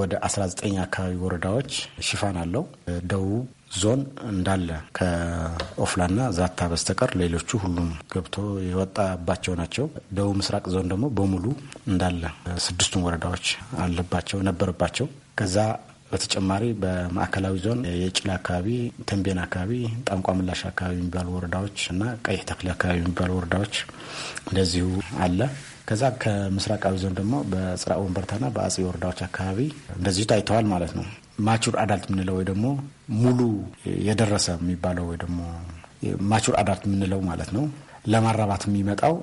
ወደ 19 አካባቢ ወረዳዎች ሽፋን አለው። ደቡብ ዞን እንዳለ ከኦፍላና ዛታ በስተቀር ሌሎቹ ሁሉም ገብቶ የወጣባቸው ናቸው። ደቡብ ምስራቅ ዞን ደግሞ በሙሉ እንዳለ ስድስቱን ወረዳዎች አለባቸው ነበረባቸው። ከዛ በተጨማሪ በማዕከላዊ ዞን የጭላ አካባቢ፣ ተንቤን አካባቢ፣ ጣንቋ ምላሽ አካባቢ የሚባሉ ወረዳዎች እና ቀይ ተክል አካባቢ የሚባሉ ወረዳዎች እንደዚሁ አለ። ከዛ ከምስራቃዊ ዞን ደግሞ በጽራ ወንበርታና በአጼ ወረዳዎች አካባቢ እንደዚሁ ታይተዋል ማለት ነው። ማቹር አዳልት የምንለው ወይ ደግሞ ሙሉ የደረሰ የሚባለው ወይ ደግሞ ማቹር አዳልት የምንለው ማለት ነው ለማራባት የሚመጣው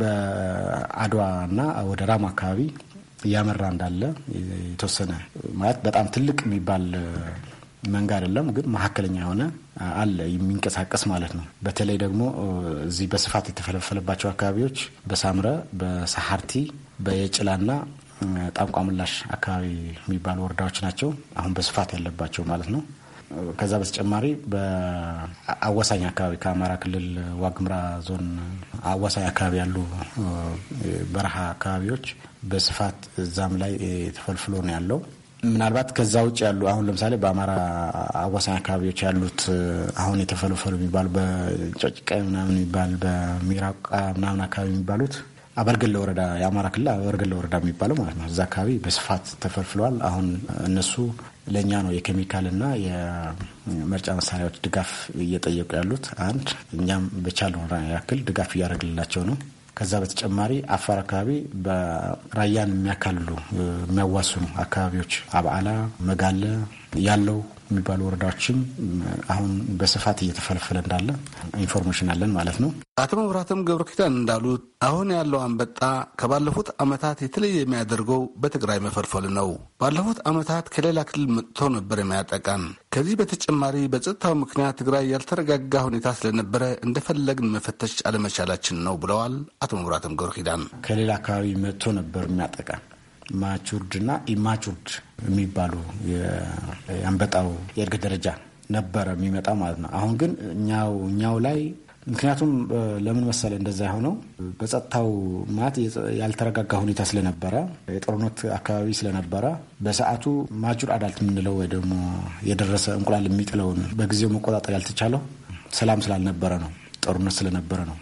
በአድዋና ወደ ራማ አካባቢ እያመራ እንዳለ የተወሰነ ማለት በጣም ትልቅ የሚባል መንጋ አይደለም፣ ግን መካከለኛ የሆነ አለ የሚንቀሳቀስ ማለት ነው። በተለይ ደግሞ እዚህ በስፋት የተፈለፈለባቸው አካባቢዎች በሳምረ፣ በሳሀርቲ፣ በየጭላና ጣንቋ ምላሽ አካባቢ የሚባሉ ወረዳዎች ናቸው አሁን በስፋት ያለባቸው ማለት ነው። ከዛ በተጨማሪ በአዋሳኝ አካባቢ ከአማራ ክልል ዋግምራ ዞን አዋሳኝ አካባቢ ያሉ በረሃ አካባቢዎች በስፋት እዛም ላይ ተፈልፍሎ ነው ያለው። ምናልባት ከዛ ውጭ ያሉ አሁን ለምሳሌ በአማራ አዋሳኝ አካባቢዎች ያሉት አሁን የተፈለፈሉ የሚባሉ በጨጭቀ ምናምን የሚባል በሚራቃ ምናምን አካባቢ የሚባሉት አበርገለ ወረዳ የአማራ ክልል አበርገለ ወረዳ የሚባለው ማለት ነው። እዛ አካባቢ በስፋት ተፈልፍለዋል። አሁን እነሱ ለእኛ ነው የኬሚካልና የመርጫ መሳሪያዎች ድጋፍ እየጠየቁ ያሉት። አንድ እኛም በቻለው ያክል ድጋፍ እያደረግንላቸው ነው። ከዛ በተጨማሪ አፋር አካባቢ በራያን የሚያካልሉ የሚያዋስኑ አካባቢዎች አብዓላ፣ መጋለ ያለው የሚባሉ ወረዳዎችም አሁን በስፋት እየተፈለፈለ እንዳለ ኢንፎርሜሽን አለን ማለት ነው። አቶ መብራትም ገብረ ኪዳን እንዳሉት አሁን ያለው አንበጣ ከባለፉት ዓመታት የተለየ የሚያደርገው በትግራይ መፈልፈል ነው። ባለፉት ዓመታት ከሌላ ክልል መጥቶ ነበር የሚያጠቃን። ከዚህ በተጨማሪ በጸጥታው ምክንያት ትግራይ ያልተረጋጋ ሁኔታ ስለነበረ እንደፈለግን መፈተሽ አለመቻላችን ነው ብለዋል አቶ መብራትም ገብረ ኪዳን። ከሌላ አካባቢ መጥቶ ነበር የሚያጠቃን ማቹርድ እና ኢማቹርድ የሚባሉ የአንበጣው የእድገት ደረጃ ነበረ የሚመጣ ማለት ነው። አሁን ግን እኛው እኛው ላይ ምክንያቱም ለምን መሰለ እንደዛ የሆነው በጸጥታው ማለት ያልተረጋጋ ሁኔታ ስለነበረ የጦርነት አካባቢ ስለነበረ በሰዓቱ ማጁር አዳልት የምንለው ወይ ደግሞ የደረሰ እንቁላል የሚጥለውን በጊዜው መቆጣጠር ያልተቻለው ሰላም ስላልነበረ ነው። ጦርነት ስለነበረ ነው።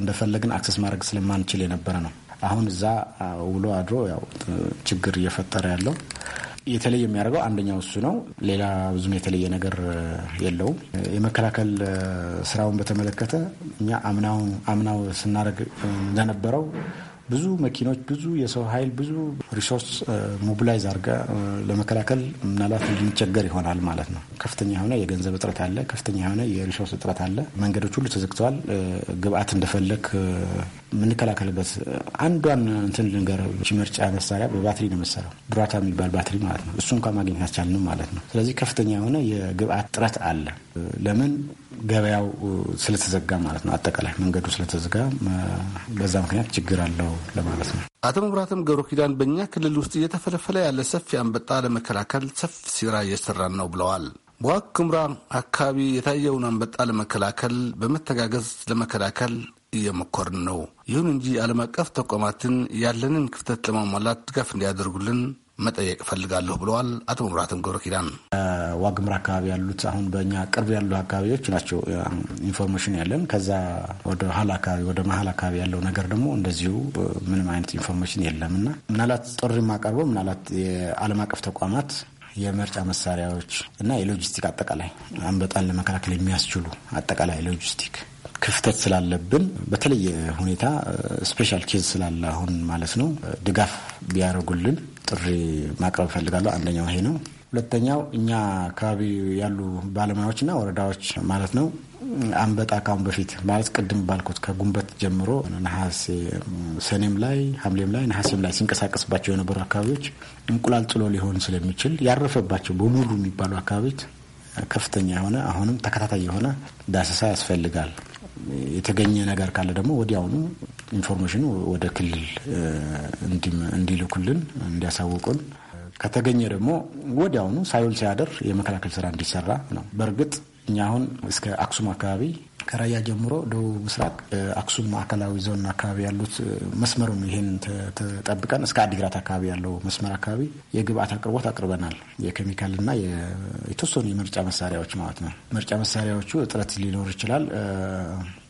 እንደፈለግን አክሰስ ማድረግ ስለማንችል የነበረ ነው። አሁን እዛ ውሎ አድሮ ያው ችግር እየፈጠረ ያለው የተለየ የሚያደርገው አንደኛው እሱ ነው። ሌላ ብዙም የተለየ ነገር የለውም። የመከላከል ስራውን በተመለከተ እኛ አምናው ስናደርግ እንደነበረው ብዙ መኪኖች፣ ብዙ የሰው ኃይል፣ ብዙ ሪሶርስ ሞቢላይዝ አድርጋ ለመከላከል ምናልባት እንድንቸገር ይሆናል ማለት ነው። ከፍተኛ የሆነ የገንዘብ እጥረት አለ። ከፍተኛ የሆነ የሪሶርስ እጥረት አለ። መንገዶች ሁሉ ተዘግተዋል። ግብአት እንደፈለግ የምንከላከልበት አንዷን እንትን ልንገር መርጫ መሳሪያ በባትሪ ነው መሰራው። ዱራታ የሚባል ባትሪ ማለት ነው። እሱ እንኳ ማግኘት አልቻልንም ማለት ነው። ስለዚህ ከፍተኛ የሆነ የግብአት ጥረት አለ። ለምን ገበያው ስለተዘጋ ማለት ነው። አጠቃላይ መንገዱ ስለተዘጋ በዛ ምክንያት ችግር አለው ለማለት ነው። አቶ መብራትም ገብረ ኪዳን በእኛ ክልል ውስጥ እየተፈለፈለ ያለ ሰፊ አንበጣ ለመከላከል ሰፊ ስራ እየሰራን ነው ብለዋል። በዋግ አካባቢ የታየውን አንበጣ ለመከላከል በመተጋገዝ ለመከላከል እየሞከርን ነው። ይሁን እንጂ ዓለም አቀፍ ተቋማትን ያለንን ክፍተት ለማሟላት ድጋፍ እንዲያደርጉልን መጠየቅ እፈልጋለሁ ብለዋል። አቶ መብራትም ገብረ ኪዳን ዋግምር አካባቢ ያሉት አሁን በእኛ ቅርብ ያሉ አካባቢዎች ናቸው ኢንፎርሜሽን ያለን። ከዛ ወደ ሀል አካባቢ ወደ መሀል አካባቢ ያለው ነገር ደግሞ እንደዚሁ ምንም አይነት ኢንፎርሜሽን የለም እና ምናልባት ጥሪ የማቀርበው ምናልባት የዓለም አቀፍ ተቋማት የምርጫ መሳሪያዎች እና የሎጂስቲክ አጠቃላይ አንበጣን ለመከላከል የሚያስችሉ አጠቃላይ ሎጂስቲክ ክፍተት ስላለብን በተለየ ሁኔታ ስፔሻል ኬዝ ስላለ አሁን ማለት ነው ድጋፍ ቢያደርጉልን ጥሪ ማቅረብ እፈልጋለሁ። አንደኛው ይሄ ነው። ሁለተኛው እኛ አካባቢ ያሉ ባለሙያዎችና ወረዳዎች ማለት ነው አንበጣ ካሁን በፊት ማለት ቅድም ባልኩት ከጉንበት ጀምሮ ነሐሴ ሰኔም ላይ ሐምሌም ላይ ነሐሴም ላይ ሲንቀሳቀስባቸው የነበሩ አካባቢዎች እንቁላል ጥሎ ሊሆን ስለሚችል ያረፈባቸው በሙሉ የሚባሉ አካባቢዎች ከፍተኛ የሆነ አሁንም ተከታታይ የሆነ ዳሰሳ ያስፈልጋል። የተገኘ ነገር ካለ ደግሞ ወዲያውኑ ኢንፎርሜሽኑ ወደ ክልል እንዲልኩልን እንዲያሳውቁን ከተገኘ ደግሞ ወዲያውኑ ሳይውል ሲያደር የመከላከል ስራ እንዲሰራ ነው። በእርግጥ እኛ አሁን እስከ አክሱም አካባቢ ከራያ ጀምሮ ደቡብ ምስራቅ አክሱም ማዕከላዊ ዞን አካባቢ ያሉት መስመሩን ይህን ተጠብቀን እስከ አዲግራት አካባቢ ያለው መስመር አካባቢ የግብአት አቅርቦት አቅርበናል። የኬሚካልና የተወሰኑ የምርጫ መሳሪያዎች ማለት ነው። ምርጫ መሳሪያዎቹ እጥረት ሊኖር ይችላል።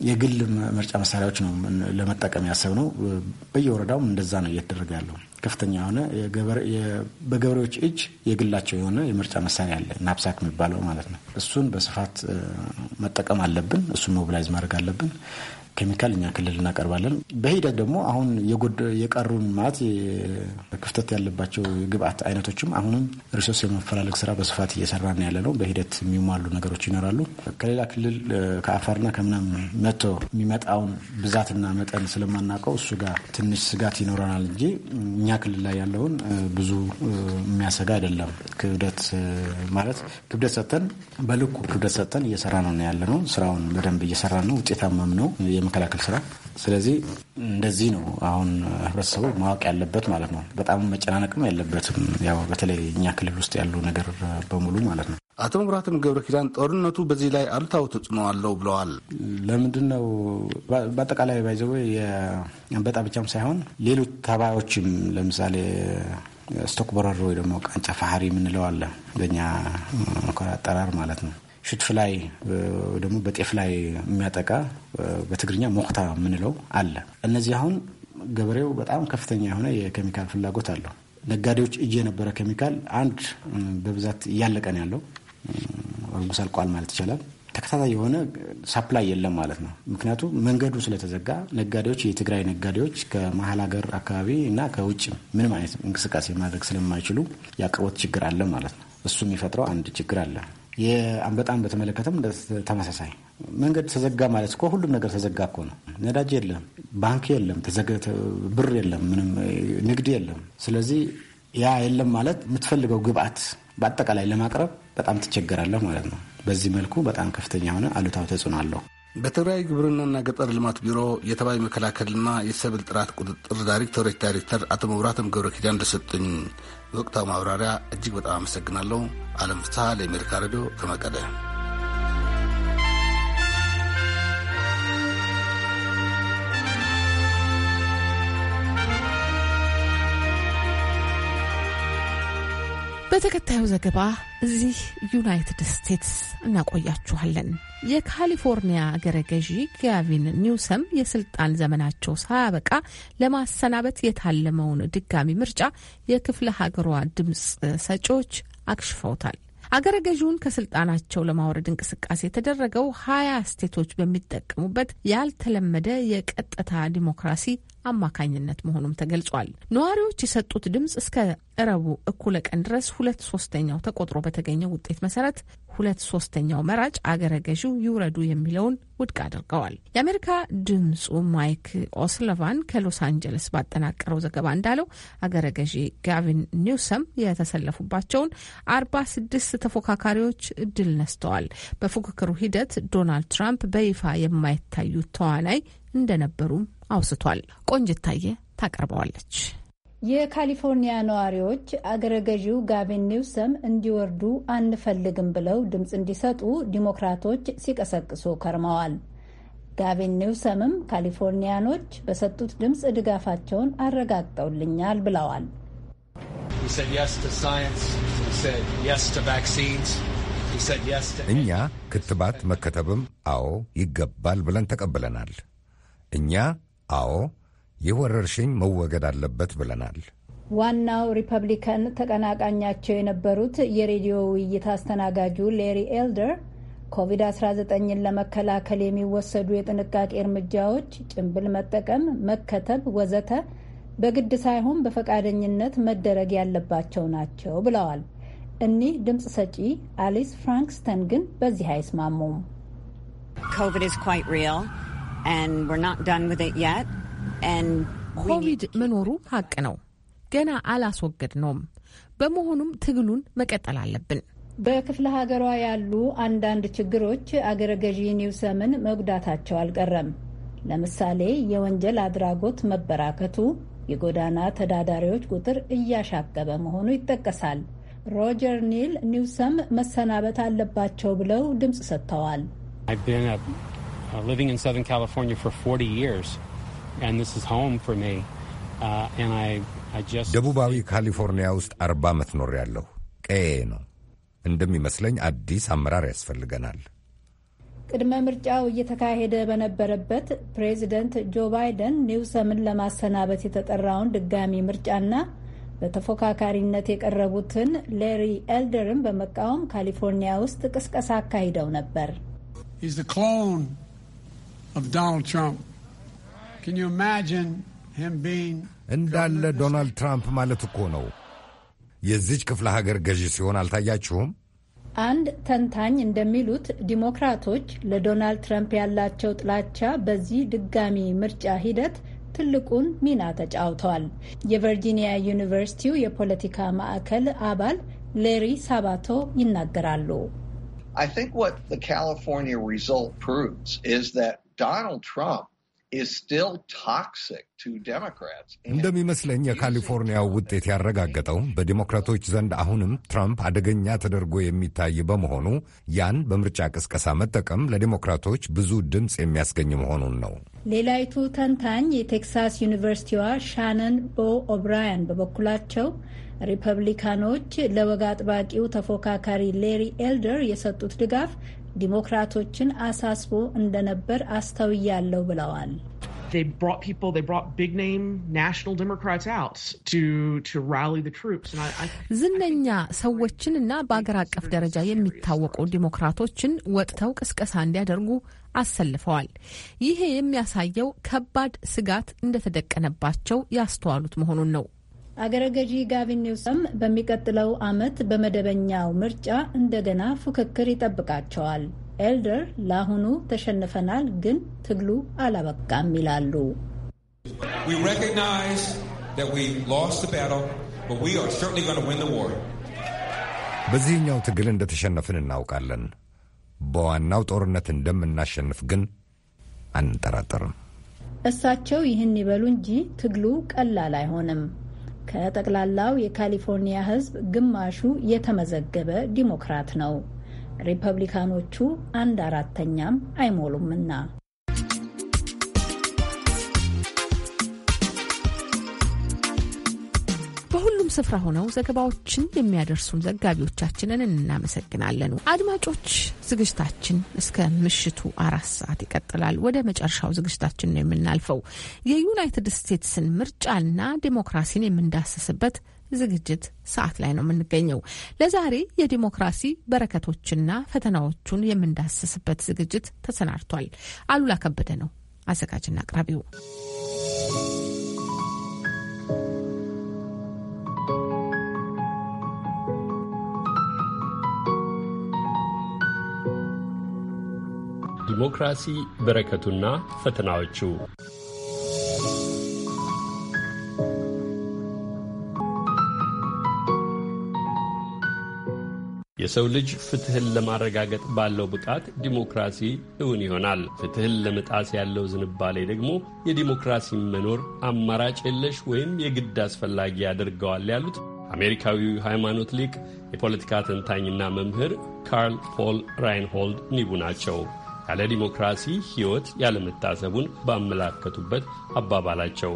የግል ምርጫ መሳሪያዎች ነው ለመጠቀም ያሰብ ነው። በየወረዳውም እንደዛ ነው እየተደረገ ያለው። ከፍተኛ የሆነ በገበሬዎች እጅ የግላቸው የሆነ የምርጫ መሳሪያ አለ፣ ናፕሳክ የሚባለው ማለት ነው። እሱን በስፋት መጠቀም አለብን። እሱን ሞቢላይዝ ማድረግ አለብን። ኬሚካል እኛ ክልል እናቀርባለን። በሂደት ደግሞ አሁን የቀሩን ማለት ክፍተት ያለባቸው የግብአት አይነቶችም አሁንም ሪሶርስ የመፈላለግ ስራ በስፋት እየሰራ ነው ያለ ነው። በሂደት የሚሟሉ ነገሮች ይኖራሉ። ከሌላ ክልል ከአፋርና ከምናም መቶ የሚመጣውን ብዛትና መጠን ስለማናውቀው እሱ ጋር ትንሽ ስጋት ይኖረናል እንጂ እኛ ክልል ላይ ያለውን ብዙ የሚያሰጋ አይደለም። ክብደት ማለት ክብደት ሰጥተን በልኩ ክብደት ሰጥተን እየሰራ ነው ያለ ነው። ስራውን በደንብ እየሰራ ነው። ውጤታማም ነው። የመከላከል ስራ። ስለዚህ እንደዚህ ነው አሁን ህብረተሰቡ ማወቅ ያለበት ማለት ነው። በጣም መጨናነቅም ያለበትም ያው በተለይ እኛ ክልል ውስጥ ያለው ነገር በሙሉ ማለት ነው። አቶ መብራትም ገብረ ኪዳን ጦርነቱ በዚህ ላይ አሉታዊ ተጽዕኖ አለው ብለዋል። ለምንድን ነው በአጠቃላይ ባይዘወ የአንበጣ ብቻም ሳይሆን ሌሎች ተባዮችም ለምሳሌ ስቶክ በረሮ ወይ ደግሞ ቃንጫ ፋሀሪ የምንለው አለ በእኛ አጠራር ማለት ነው። ሽትፍ ላይ ደግሞ በጤፍ ላይ የሚያጠቃ በትግርኛ ሞክታ የምንለው አለ። እነዚህ አሁን ገበሬው በጣም ከፍተኛ የሆነ የኬሚካል ፍላጎት አለው። ነጋዴዎች እጅ የነበረ ኬሚካል አንድ በብዛት እያለቀን ያለው፣ ኦልሞስ አልቋል ማለት ይቻላል። ተከታታይ የሆነ ሳፕላይ የለም ማለት ነው። ምክንያቱም መንገዱ ስለተዘጋ ነጋዴዎች፣ የትግራይ ነጋዴዎች ከመሀል ሀገር አካባቢ እና ከውጭ ምንም አይነት እንቅስቃሴ ማድረግ ስለማይችሉ የአቅርቦት ችግር አለ ማለት ነው። እሱ የሚፈጥረው አንድ ችግር አለ። በጣም በተመለከተም ተመሳሳይ መንገድ ተዘጋ ማለት እኮ ሁሉም ነገር ተዘጋ እኮ ነው። ነዳጅ የለም፣ ባንክ የለም፣ ብር የለም፣ ምንም ንግድ የለም። ስለዚህ ያ የለም ማለት የምትፈልገው ግብአት በአጠቃላይ ለማቅረብ በጣም ትቸገራለህ ማለት ነው። በዚህ መልኩ በጣም ከፍተኛ የሆነ አሉታዊ ተጽዕኖ አለው። በትግራይ ግብርናና ገጠር ልማት ቢሮ የተባይ መከላከልና የሰብል ጥራት ቁጥጥር ዳይሬክቶሬት ዳይሬክተር አቶ መብራትም ገብረ ኪዳን እንደሰጡኝ ወቅታዊ ማብራሪያ እጅግ በጣም አመሰግናለሁ። አለም ፍስሐ ለአሜሪካ ሬዲዮ ከመቀደ በተከታዩ ዘገባ እዚህ ዩናይትድ ስቴትስ እናቆያችኋለን። የካሊፎርኒያ አገረ ገዢ ጋቪን ኒውሰም የስልጣን ዘመናቸው ሳያበቃ ለማሰናበት የታለመውን ድጋሚ ምርጫ የክፍለ ሀገሯ ድምፅ ሰጪዎች አክሽፈውታል። አገረ ገዢውን ከስልጣናቸው ለማውረድ እንቅስቃሴ የተደረገው ሀያ ስቴቶች በሚጠቀሙበት ያልተለመደ የቀጥታ ዲሞክራሲ አማካኝነት መሆኑም ተገልጿል። ነዋሪዎች የሰጡት ድምፅ እስከ እረቡ እኩለ ቀን ድረስ ሁለት ሶስተኛው ተቆጥሮ በተገኘው ውጤት መሰረት ሁለት ሶስተኛው መራጭ አገረ ገዢው ይውረዱ የሚለውን ውድቅ አድርገዋል። የአሜሪካ ድምፁ ማይክ ኦስለቫን ከሎስ አንጀለስ ባጠናቀረው ዘገባ እንዳለው አገረ ገዢ ጋቪን ኒውሰም የተሰለፉባቸውን አርባ ስድስት ተፎካካሪዎች ድል ነስተዋል። በፉክክሩ ሂደት ዶናልድ ትራምፕ በይፋ የማይታዩት ተዋናይ እንደነበሩም አውስቷል። ቆንጅታየ ታቀርበዋለች። የካሊፎርኒያ ነዋሪዎች አገረ ገዢው ጋቪን ኒውሰም እንዲወርዱ አንፈልግም ብለው ድምፅ እንዲሰጡ ዲሞክራቶች ሲቀሰቅሱ ከርመዋል። ጋቪን ኒውሰምም ካሊፎርኒያኖች በሰጡት ድምፅ ድጋፋቸውን አረጋግጠውልኛል ብለዋል። እኛ ክትባት መከተብም አዎ ይገባል ብለን ተቀብለናል እኛ አዎ ይህ ወረርሽኝ መወገድ አለበት ብለናል። ዋናው ሪፐብሊካን ተቀናቃኛቸው የነበሩት የሬዲዮ ውይይት አስተናጋጁ ሌሪ ኤልደር ኮቪድ-19ን ለመከላከል የሚወሰዱ የጥንቃቄ እርምጃዎች ጭንብል መጠቀም፣ መከተብ፣ ወዘተ በግድ ሳይሆን በፈቃደኝነት መደረግ ያለባቸው ናቸው ብለዋል። እኒህ ድምፅ ሰጪ አሊስ ፍራንክስተን ግን በዚህ አይስማሙም። ኮቪድ ኢዝ ኳይት ሪል ኮቪድ መኖሩ ሀቅ ነው፣ ገና አላስወገድ ነውም። በመሆኑም ትግሉን መቀጠል አለብን። በክፍለ ሀገሯ ያሉ አንዳንድ ችግሮች አገረ ገዢ ኒውሰምን መጉዳታቸው አልቀረም። ለምሳሌ የወንጀል አድራጎት መበራከቱ፣ የጎዳና ተዳዳሪዎች ቁጥር እያሻቀበ መሆኑ ይጠቀሳል። ሮጀር ኒል ኒውሰም መሰናበት አለባቸው ብለው ድምፅ ሰጥተዋል። uh, living in Southern California for 40 years, and this is home for me. Uh, and I, I just ደቡባዊ ካሊፎርኒያ ውስጥ አርባ ዓመት ኖር ያለሁ ቀዬ ነው። እንደሚመስለኝ አዲስ አመራር ያስፈልገናል። ቅድመ ምርጫው እየተካሄደ በነበረበት ፕሬዚደንት ጆ ባይደን ኒውሰምን ለማሰናበት የተጠራውን ድጋሚ ምርጫና በተፎካካሪነት የቀረቡትን ሌሪ ኤልደርን በመቃወም ካሊፎርኒያ ውስጥ ቅስቀሳ አካሂደው ነበር። እንዳለ ዶናልድ ትራምፕ ማለት እኮ ነው። የዚች ክፍለ ሀገር ገዢ ሲሆን አልታያችሁም? አንድ ተንታኝ እንደሚሉት ዲሞክራቶች ለዶናልድ ትራምፕ ያላቸው ጥላቻ በዚህ ድጋሚ ምርጫ ሂደት ትልቁን ሚና ተጫውተዋል። የቨርጂኒያ ዩኒቨርሲቲው የፖለቲካ ማዕከል አባል ሌሪ ሳባቶ ይናገራሉ። Donald Trump እንደሚመስለኝ የካሊፎርኒያው ውጤት ያረጋገጠው በዲሞክራቶች ዘንድ አሁንም ትራምፕ አደገኛ ተደርጎ የሚታይ በመሆኑ ያን በምርጫ ቅስቀሳ መጠቀም ለዲሞክራቶች ብዙ ድምፅ የሚያስገኝ መሆኑን ነው። ሌላይቱ ተንታኝ የቴክሳስ ዩኒቨርሲቲዋ ሻነን ቦ ኦብራያን በበኩላቸው ሪፐብሊካኖች ለወግ አጥባቂው ተፎካካሪ ሌሪ ኤልደር የሰጡት ድጋፍ ዲሞክራቶችን አሳስቦ እንደነበር አስተውያለሁ ብለዋል። ዝነኛ ሰዎችንና በአገር አቀፍ ደረጃ የሚታወቁ ዲሞክራቶችን ወጥተው ቅስቀሳ እንዲያደርጉ አሰልፈዋል። ይሄ የሚያሳየው ከባድ ስጋት እንደተደቀነባቸው ያስተዋሉት መሆኑን ነው። አገረ ገዢ ጋቪን ኒውሰም በሚቀጥለው ዓመት በመደበኛው ምርጫ እንደገና ፉክክር ይጠብቃቸዋል። ኤልደር ለአሁኑ ተሸንፈናል፣ ግን ትግሉ አላበቃም ይላሉ። በዚህኛው ትግል እንደተሸነፍን እናውቃለን። በዋናው ጦርነት እንደምናሸንፍ ግን አንጠራጠርም። እሳቸው ይህን ይበሉ እንጂ ትግሉ ቀላል አይሆንም። ከጠቅላላው የካሊፎርኒያ ሕዝብ ግማሹ የተመዘገበ ዲሞክራት ነው። ሪፐብሊካኖቹ አንድ አራተኛም አይሞሉምና በሁሉም ስፍራ ሆነው ዘገባዎችን የሚያደርሱን ዘጋቢዎቻችንን እናመሰግናለን። አድማጮች ዝግጅታችን እስከ ምሽቱ አራት ሰዓት ይቀጥላል። ወደ መጨረሻው ዝግጅታችን ነው የምናልፈው። የዩናይትድ ስቴትስን ምርጫና ዲሞክራሲን የምንዳስስበት ዝግጅት ሰዓት ላይ ነው የምንገኘው። ለዛሬ የዲሞክራሲ በረከቶችና ፈተናዎቹን የምንዳስስበት ዝግጅት ተሰናድቷል። አሉላ ከበደ ነው አዘጋጅና አቅራቢው። ዲሞክራሲ በረከቱና ፈተናዎቹ የሰው ልጅ ፍትህን ለማረጋገጥ ባለው ብቃት ዲሞክራሲ እውን ይሆናል። ፍትህን ለመጣስ ያለው ዝንባሌ ደግሞ የዲሞክራሲ መኖር አማራጭ የለሽ ወይም የግድ አስፈላጊ ያደርገዋል ያሉት አሜሪካዊው ሃይማኖት ሊቅ የፖለቲካ ተንታኝና መምህር ካርል ፖል ራይንሆልድ ኒቡ ናቸው። ያለ ዲሞክራሲ ሕይወት ያለመታሰቡን ባመላከቱበት አባባላቸው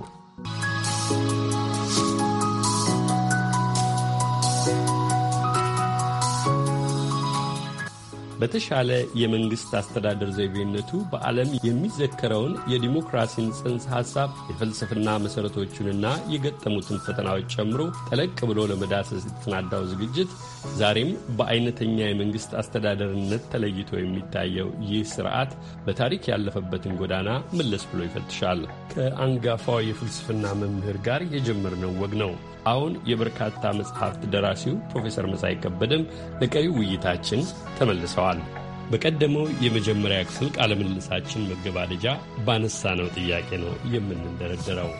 በተሻለ የመንግሥት አስተዳደር ዘይቤነቱ በዓለም የሚዘከረውን የዲሞክራሲን ጽንሰ ሐሳብ የፍልስፍና መሠረቶቹንና የገጠሙትን ፈተናዎች ጨምሮ ጠለቅ ብሎ ለመዳሰስ የተሰናዳው ዝግጅት ዛሬም በአይነተኛ የመንግሥት አስተዳደርነት ተለይቶ የሚታየው ይህ ስርዓት በታሪክ ያለፈበትን ጎዳና መለስ ብሎ ይፈትሻል። ከአንጋፋው የፍልስፍና መምህር ጋር የጀመርነው ወግ ነው። አሁን የበርካታ መጽሐፍት ደራሲው ፕሮፌሰር መሳይ ከበደም ለቀሪው ውይይታችን ተመልሰዋል። በቀደመው የመጀመሪያ ክፍል ቃለ ምልልሳችን መገባደጃ ባነሳ ነው ጥያቄ ነው የምንደረደረው።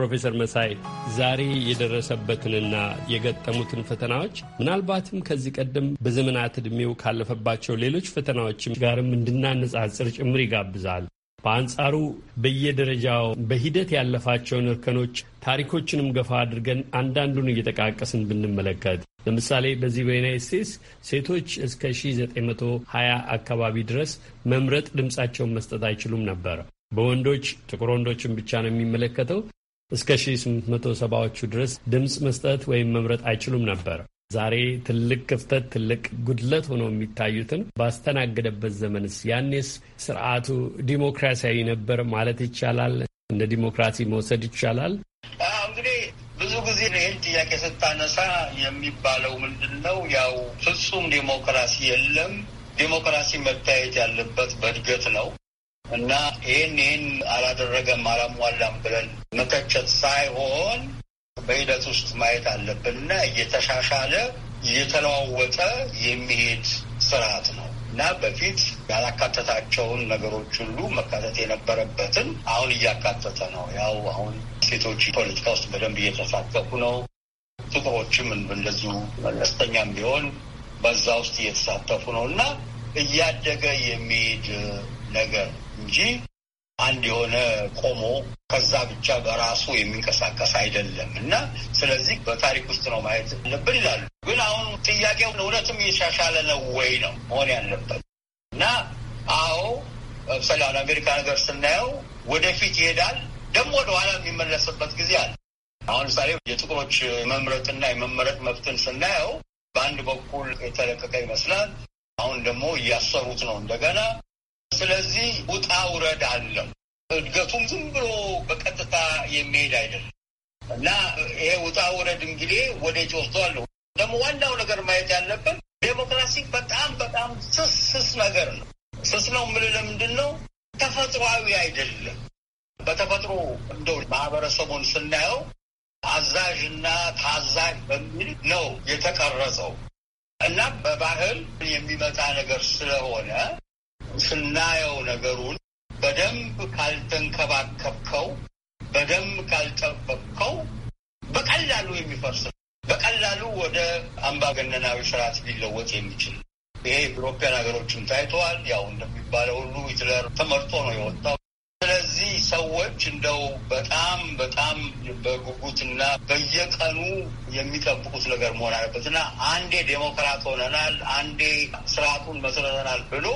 ፕሮፌሰር መሳይ ዛሬ የደረሰበትንና የገጠሙትን ፈተናዎች ምናልባትም ከዚህ ቀደም በዘመናት ዕድሜው ካለፈባቸው ሌሎች ፈተናዎችም ጋርም እንድናነጻጽር ጭምር ይጋብዛል። በአንጻሩ በየደረጃው በሂደት ያለፋቸውን እርከኖች ታሪኮችንም ገፋ አድርገን አንዳንዱን እየጠቃቀስን ብንመለከት ለምሳሌ በዚህ በዩናይት ስቴትስ ሴቶች እስከ 1920 አካባቢ ድረስ መምረጥ ድምፃቸውን መስጠት አይችሉም ነበር። በወንዶች ጥቁር ወንዶችን ብቻ ነው የሚመለከተው። እስከ 1870ዎቹ ድረስ ድምፅ መስጠት ወይም መምረጥ አይችሉም ነበር። ዛሬ ትልቅ ክፍተት፣ ትልቅ ጉድለት ሆኖ የሚታዩትን ባስተናገደበት ዘመንስ ያኔስ ስርዓቱ ዲሞክራሲያዊ ነበር ማለት ይቻላል? እንደ ዲሞክራሲ መውሰድ ይቻላል? እንግዲህ ብዙ ጊዜ ይህን ጥያቄ ስታነሳ የሚባለው ምንድን ነው? ያው ፍጹም ዲሞክራሲ የለም። ዲሞክራሲ መታየት ያለበት በእድገት ነው። እና ይህን ይህን አላደረገም አላሟላም ብለን መተቸት ሳይሆን በሂደት ውስጥ ማየት አለብን እና እየተሻሻለ እየተለዋወጠ የሚሄድ ስርዓት ነው እና በፊት ያላካተታቸውን ነገሮች ሁሉ መካተት የነበረበትን አሁን እያካተተ ነው። ያው አሁን ሴቶች ፖለቲካ ውስጥ በደንብ እየተሳተፉ ነው። ጥቁሮችም እንደዚሁ መለስተኛም ቢሆን በዛ ውስጥ እየተሳተፉ ነው እና እያደገ የሚሄድ ነገር እንጂ አንድ የሆነ ቆሞ ከዛ ብቻ በራሱ የሚንቀሳቀስ አይደለም እና ስለዚህ በታሪክ ውስጥ ነው ማየት አለብን ይላሉ። ግን አሁን ጥያቄው እውነትም እየሻሻለ ነው ወይ ነው መሆን ያለበት እና አዎ ለምሳሌ አሁን አሜሪካ ነገር ስናየው ወደፊት ይሄዳል፣ ደግሞ ወደኋላ የሚመለስበት ጊዜ አለ። አሁን ምሳሌ የጥቁሮች መምረጥና የመመረጥ መብትን ስናየው በአንድ በኩል የተለቀቀ ይመስላል። አሁን ደግሞ እያሰሩት ነው እንደገና ስለዚህ ውጣ ውረድ አለው። እድገቱም ዝም ብሎ በቀጥታ የሚሄድ አይደለም እና ይሄ ውጣ ውረድ እንግዲህ ወደ ወስዷለሁ። ደግሞ ዋናው ነገር ማየት ያለብን ዴሞክራሲ በጣም በጣም ስስ ስስ ነገር ነው። ስስ ነው የምልህ ለምንድን ነው? ተፈጥሯዊ አይደለም። በተፈጥሮ እንደው ማህበረሰቡን ስናየው አዛዥና ታዛዥ በሚል ነው የተቀረጸው እና በባህል የሚመጣ ነገር ስለሆነ ስናየው ነገሩን በደንብ ካልተንከባከብከው፣ በደንብ ካልጠበቅከው በቀላሉ የሚፈርስ በቀላሉ ወደ አምባገነናዊ ስርዓት ሊለወጥ የሚችል ይሄ ኢትዮጵያን ሀገሮችም ታይተዋል። ያው እንደሚባለው ሁሉ ሂትለር ተመርጦ ነው የወጣው። ስለዚህ ሰዎች እንደው በጣም በጣም በጉጉትና በየቀኑ የሚጠብቁት ነገር መሆን አለበት እና አንዴ ዴሞክራት ሆነናል፣ አንዴ ስርዓቱን መስረተናል ብሎ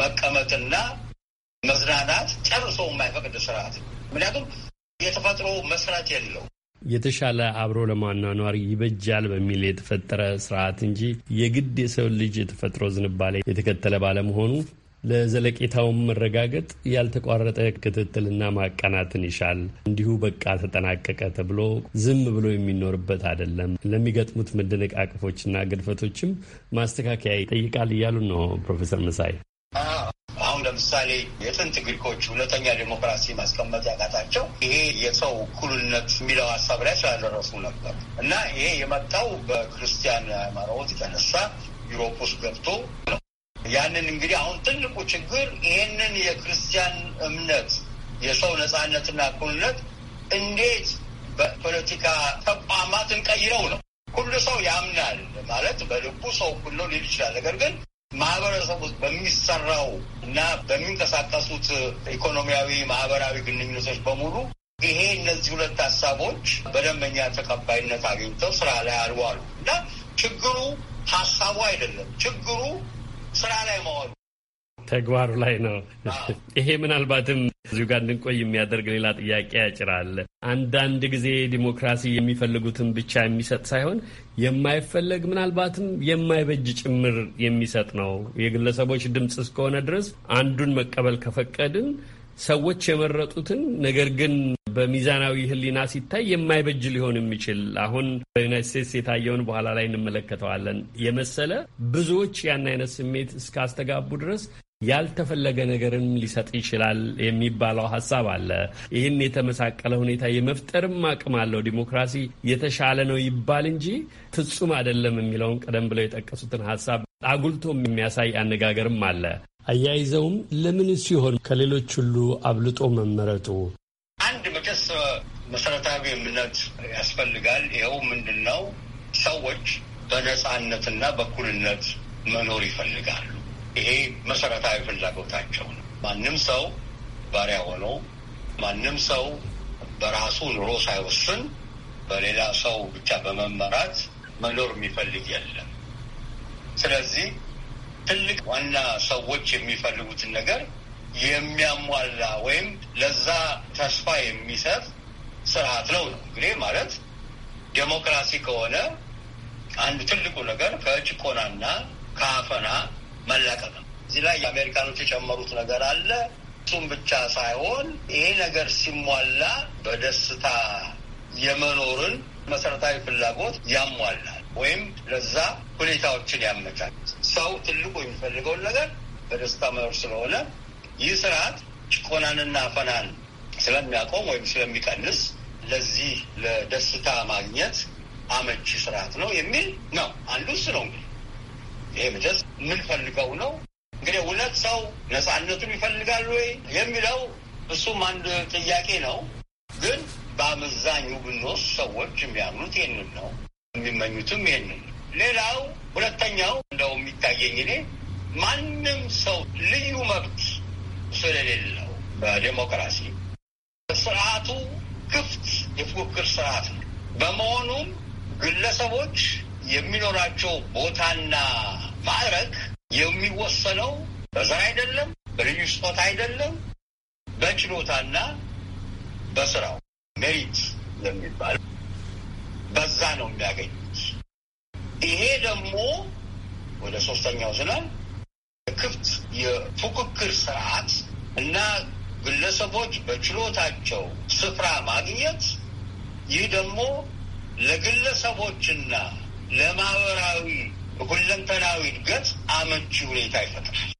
መቀመጥና መዝናናት ጨርሶ የማይፈቅድ ስርዓት። ምክንያቱም የተፈጥሮ መስራት የለው የተሻለ አብሮ ለማኗኗር ይበጃል በሚል የተፈጠረ ስርዓት እንጂ የግድ የሰው ልጅ የተፈጥሮ ዝንባሌ የተከተለ ባለመሆኑ ለዘለቄታውን መረጋገጥ ያልተቋረጠ ክትትልና ማቃናትን ይሻል። እንዲሁ በቃ ተጠናቀቀ ተብሎ ዝም ብሎ የሚኖርበት አይደለም። ለሚገጥሙት መደነቃቀፎችና ግድፈቶችም ማስተካከያ ይጠይቃል እያሉ ነው ፕሮፌሰር መሳይ። አሁን ለምሳሌ የጥንት ግሪኮች እውነተኛ ዴሞክራሲ ማስቀመጥ ያቃታቸው ይሄ የሰው እኩልነት የሚለው ሀሳብ ላይ ስላደረሱ ነበር እና ይሄ የመጣው በክርስቲያን ሃይማኖት የተነሳ ዩሮፕ ውስጥ ገብቶ ነው። ያንን እንግዲህ አሁን ትልቁ ችግር ይህንን የክርስቲያን እምነት የሰው ነጻነትና እኩልነት እንዴት በፖለቲካ ተቋማት እንቀይረው ነው። ሁሉ ሰው ያምናል ማለት በልቡ ሰው ሁሉ ሊል ይችላል። ነገር ግን ማህበረሰብ ውስጥ በሚሰራው እና በሚንቀሳቀሱት ኢኮኖሚያዊ፣ ማህበራዊ ግንኙነቶች በሙሉ ይሄ እነዚህ ሁለት ሀሳቦች በደንበኛ ተቀባይነት አግኝተው ስራ ላይ አልዋሉ እና ችግሩ ሀሳቡ አይደለም፣ ችግሩ ስራ ላይ መዋሉ ተግባሩ ላይ ነው። ይሄ ምናልባትም እዚሁ ጋር እንድንቆይ የሚያደርግ ሌላ ጥያቄ ያጭራል። አንዳንድ ጊዜ ዲሞክራሲ የሚፈልጉትን ብቻ የሚሰጥ ሳይሆን የማይፈለግ ምናልባትም የማይበጅ ጭምር የሚሰጥ ነው። የግለሰቦች ድምፅ እስከሆነ ድረስ አንዱን መቀበል ከፈቀድን ሰዎች የመረጡትን ነገር ግን በሚዛናዊ ሕሊና ሲታይ የማይበጅ ሊሆን የሚችል አሁን በዩናይት ስቴትስ የታየውን በኋላ ላይ እንመለከተዋለን የመሰለ ብዙዎች ያን አይነት ስሜት እስካስተጋቡ ድረስ ያልተፈለገ ነገርም ሊሰጥ ይችላል የሚባለው ሀሳብ አለ። ይህን የተመሳቀለ ሁኔታ የመፍጠርም አቅም አለው። ዲሞክራሲ የተሻለ ነው ይባል እንጂ ፍጹም አይደለም የሚለውን ቀደም ብለው የጠቀሱትን ሀሳብ አጉልቶ የሚያሳይ አነጋገርም አለ። አያይዘውም ለምን ሲሆን ከሌሎች ሁሉ አብልጦ መመረጡ አንድ መቀስ መሰረታዊ እምነት ያስፈልጋል። ይኸው ምንድን ነው ሰዎች በነጻነትና በኩልነት መኖር ይፈልጋሉ። ይሄ መሰረታዊ ፍላጎታቸው ነው። ማንም ሰው ባሪያ ሆኖ ማንም ሰው በራሱ ኑሮ ሳይወስን በሌላ ሰው ብቻ በመመራት መኖር የሚፈልግ የለም። ስለዚህ ትልቅ ዋና ሰዎች የሚፈልጉትን ነገር የሚያሟላ ወይም ለዛ ተስፋ የሚሰጥ ስርዓት ነው ነው እንግዲህ ማለት ዴሞክራሲ ከሆነ አንድ ትልቁ ነገር ከጭቆናና ከአፈና መለቀቅ ነው። እዚህ ላይ የአሜሪካኖች የጨመሩት ነገር አለ። እሱም ብቻ ሳይሆን ይሄ ነገር ሲሟላ በደስታ የመኖርን መሰረታዊ ፍላጎት ያሟላል ወይም ለዛ ሁኔታዎችን ያመቻል። ሰው ትልቁ የሚፈልገውን ነገር በደስታ መኖር ስለሆነ ይህ ስርዓት ጭቆናንና ፈናን ስለሚያቆም ወይም ስለሚቀንስ ለዚህ ለደስታ ማግኘት አመቺ ስርዓት ነው የሚል ነው። አንዱ እሱ ነው እንግዲህ ይሄ መቼስ የምንፈልገው ነው። እንግዲህ እውነት ሰው ነፃነቱን ይፈልጋል ወይ የሚለው እሱም አንድ ጥያቄ ነው። ግን በአመዛኙ ብንወስድ ሰዎች የሚያምኑት ይህንን ነው፣ የሚመኙትም ይህንን። ሌላው ሁለተኛው እንደው የሚታየኝ እኔ ማንም ሰው ልዩ መብት ስለሌለው በዴሞክራሲ ስርዓቱ ክፍት የፉክክር ስርዓት ነው። በመሆኑም ግለሰቦች የሚኖራቸው ቦታና ማዕረግ የሚወሰነው በዘር አይደለም፣ በልዩ ስጦታ አይደለም፣ በችሎታና በስራው ሜሪት ለሚባል በዛ ነው የሚያገኙት። ይሄ ደግሞ ወደ ሶስተኛው ስላል ክፍት የፉክክር ስርዓት እና ግለሰቦች በችሎታቸው ስፍራ ማግኘት ይህ ደግሞ ለግለሰቦችና ለማህበራዊ ሁለንተናዊ እድገት አመቺ ሁኔታ ይፈጥራል።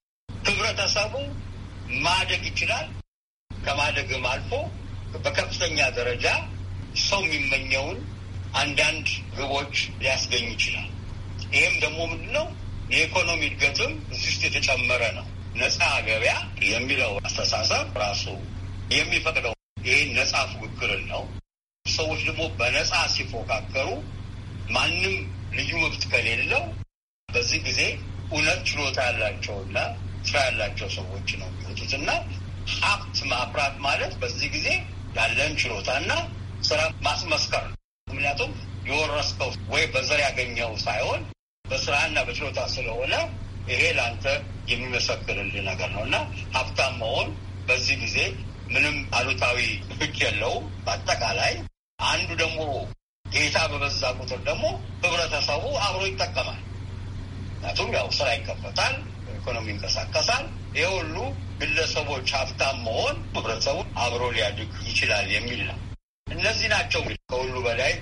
ህብረተሰቡ ማደግ ይችላል። ከማደግም አልፎ በከፍተኛ ደረጃ ሰው የሚመኘውን አንዳንድ ግቦች ሊያስገኝ ይችላል። ይህም ደግሞ ምንድን ነው? የኢኮኖሚ እድገትም እዚህ ውስጥ የተጨመረ ነው። ነፃ ገበያ የሚለው አስተሳሰብ ራሱ የሚፈቅደው ይህን ነፃ ፉክክርን ነው። ሰዎች ደግሞ በነፃ ሲፎካከሩ ማንም ልዩ መብት ከሌለው በዚህ ጊዜ እውነት ችሎታ ያላቸውና ስራ ያላቸው ሰዎች ነው የሚወጡት እና ሀብት ማፍራት ማለት በዚህ ጊዜ ያለን ችሎታ እና ስራ ማስመስከር ነው። ምክንያቱም የወረስከው ወይ በዘር ያገኘው ሳይሆን በስራና በችሎታ ስለሆነ ይሄ ለአንተ የሚመሰክርልህ ነገር ነው እና ሀብታም መሆን በዚህ ጊዜ ምንም አሉታዊ ህግ የለውም። በአጠቃላይ አንዱ ደግሞ ጌታ በበዛ ቁጥር ደግሞ ህብረተሰቡ አብሮ ይጠቀማል። ምክንያቱም ያው ስራ ይከፈታል፣ ኢኮኖሚ ይንቀሳቀሳል። ይህ ሁሉ ግለሰቦች ሀብታም መሆን ህብረተሰቡ አብሮ ሊያድግ ይችላል የሚል ነው። እነዚህ ናቸው ከሁሉ በላይ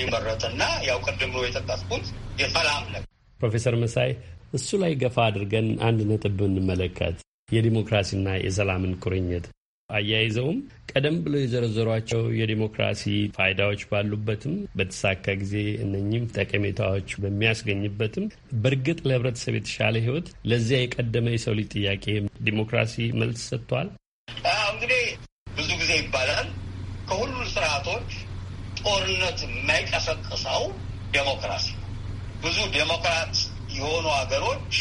ሊመረጥና ያው ቅድም ብሎ የጠቀስኩት የሰላም ነ ፕሮፌሰር መሳይ እሱ ላይ ገፋ አድርገን አንድ ነጥብ እንመለከት የዲሞክራሲና የሰላምን ቁርኝት አያይዘውም ቀደም ብለው የዘረዘሯቸው የዲሞክራሲ ፋይዳዎች ባሉበትም በተሳካ ጊዜ እነኚህም ጠቀሜታዎች በሚያስገኝበትም በእርግጥ ለህብረተሰብ የተሻለ ህይወት ለዚያ የቀደመ የሰው ልጅ ጥያቄ ዲሞክራሲ መልስ ሰጥቷል። እንግዲህ ብዙ ጊዜ ይባላል ከሁሉ ስርዓቶች ጦርነት የማይቀሰቅሰው ዴሞክራሲ ነው። ብዙ ዴሞክራት የሆኑ ሀገሮች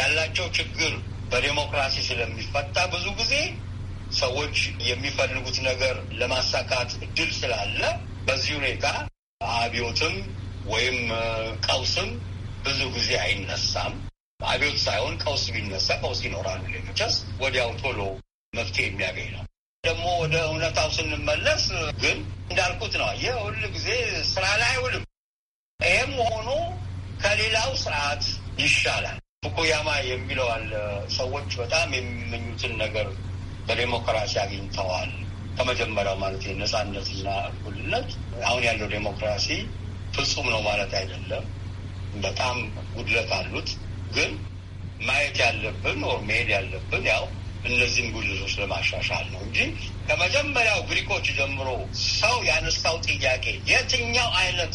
ያላቸው ችግር በዴሞክራሲ ስለሚፈታ ብዙ ጊዜ ሰዎች የሚፈልጉት ነገር ለማሳካት እድል ስላለ በዚህ ሁኔታ አብዮትም ወይም ቀውስም ብዙ ጊዜ አይነሳም። አብዮት ሳይሆን ቀውስ ቢነሳ ቀውስ ይኖራሉ ሌሎቻስ ወዲያው ቶሎ መፍትሄ የሚያገኝ ነው። ደግሞ ወደ እውነታው ስንመለስ ግን እንዳልኩት ነው። ይህ ሁል ጊዜ ስራ ላይ አይውልም። ይህም ሆኖ ከሌላው ስርዓት ይሻላል። ፉኩያማ የሚለዋል ሰዎች በጣም የሚመኙትን ነገር በዴሞክራሲ አግኝተዋል። ከመጀመሪያው ማለት ነጻነትና እኩልነት። አሁን ያለው ዴሞክራሲ ፍጹም ነው ማለት አይደለም። በጣም ጉድለት አሉት። ግን ማየት ያለብን ኦር መሄድ ያለብን ያው እነዚህም ጉድለቶች ለማሻሻል ነው እንጂ ከመጀመሪያው ግሪኮች ጀምሮ ሰው ያነሳው ጥያቄ የትኛው አይነት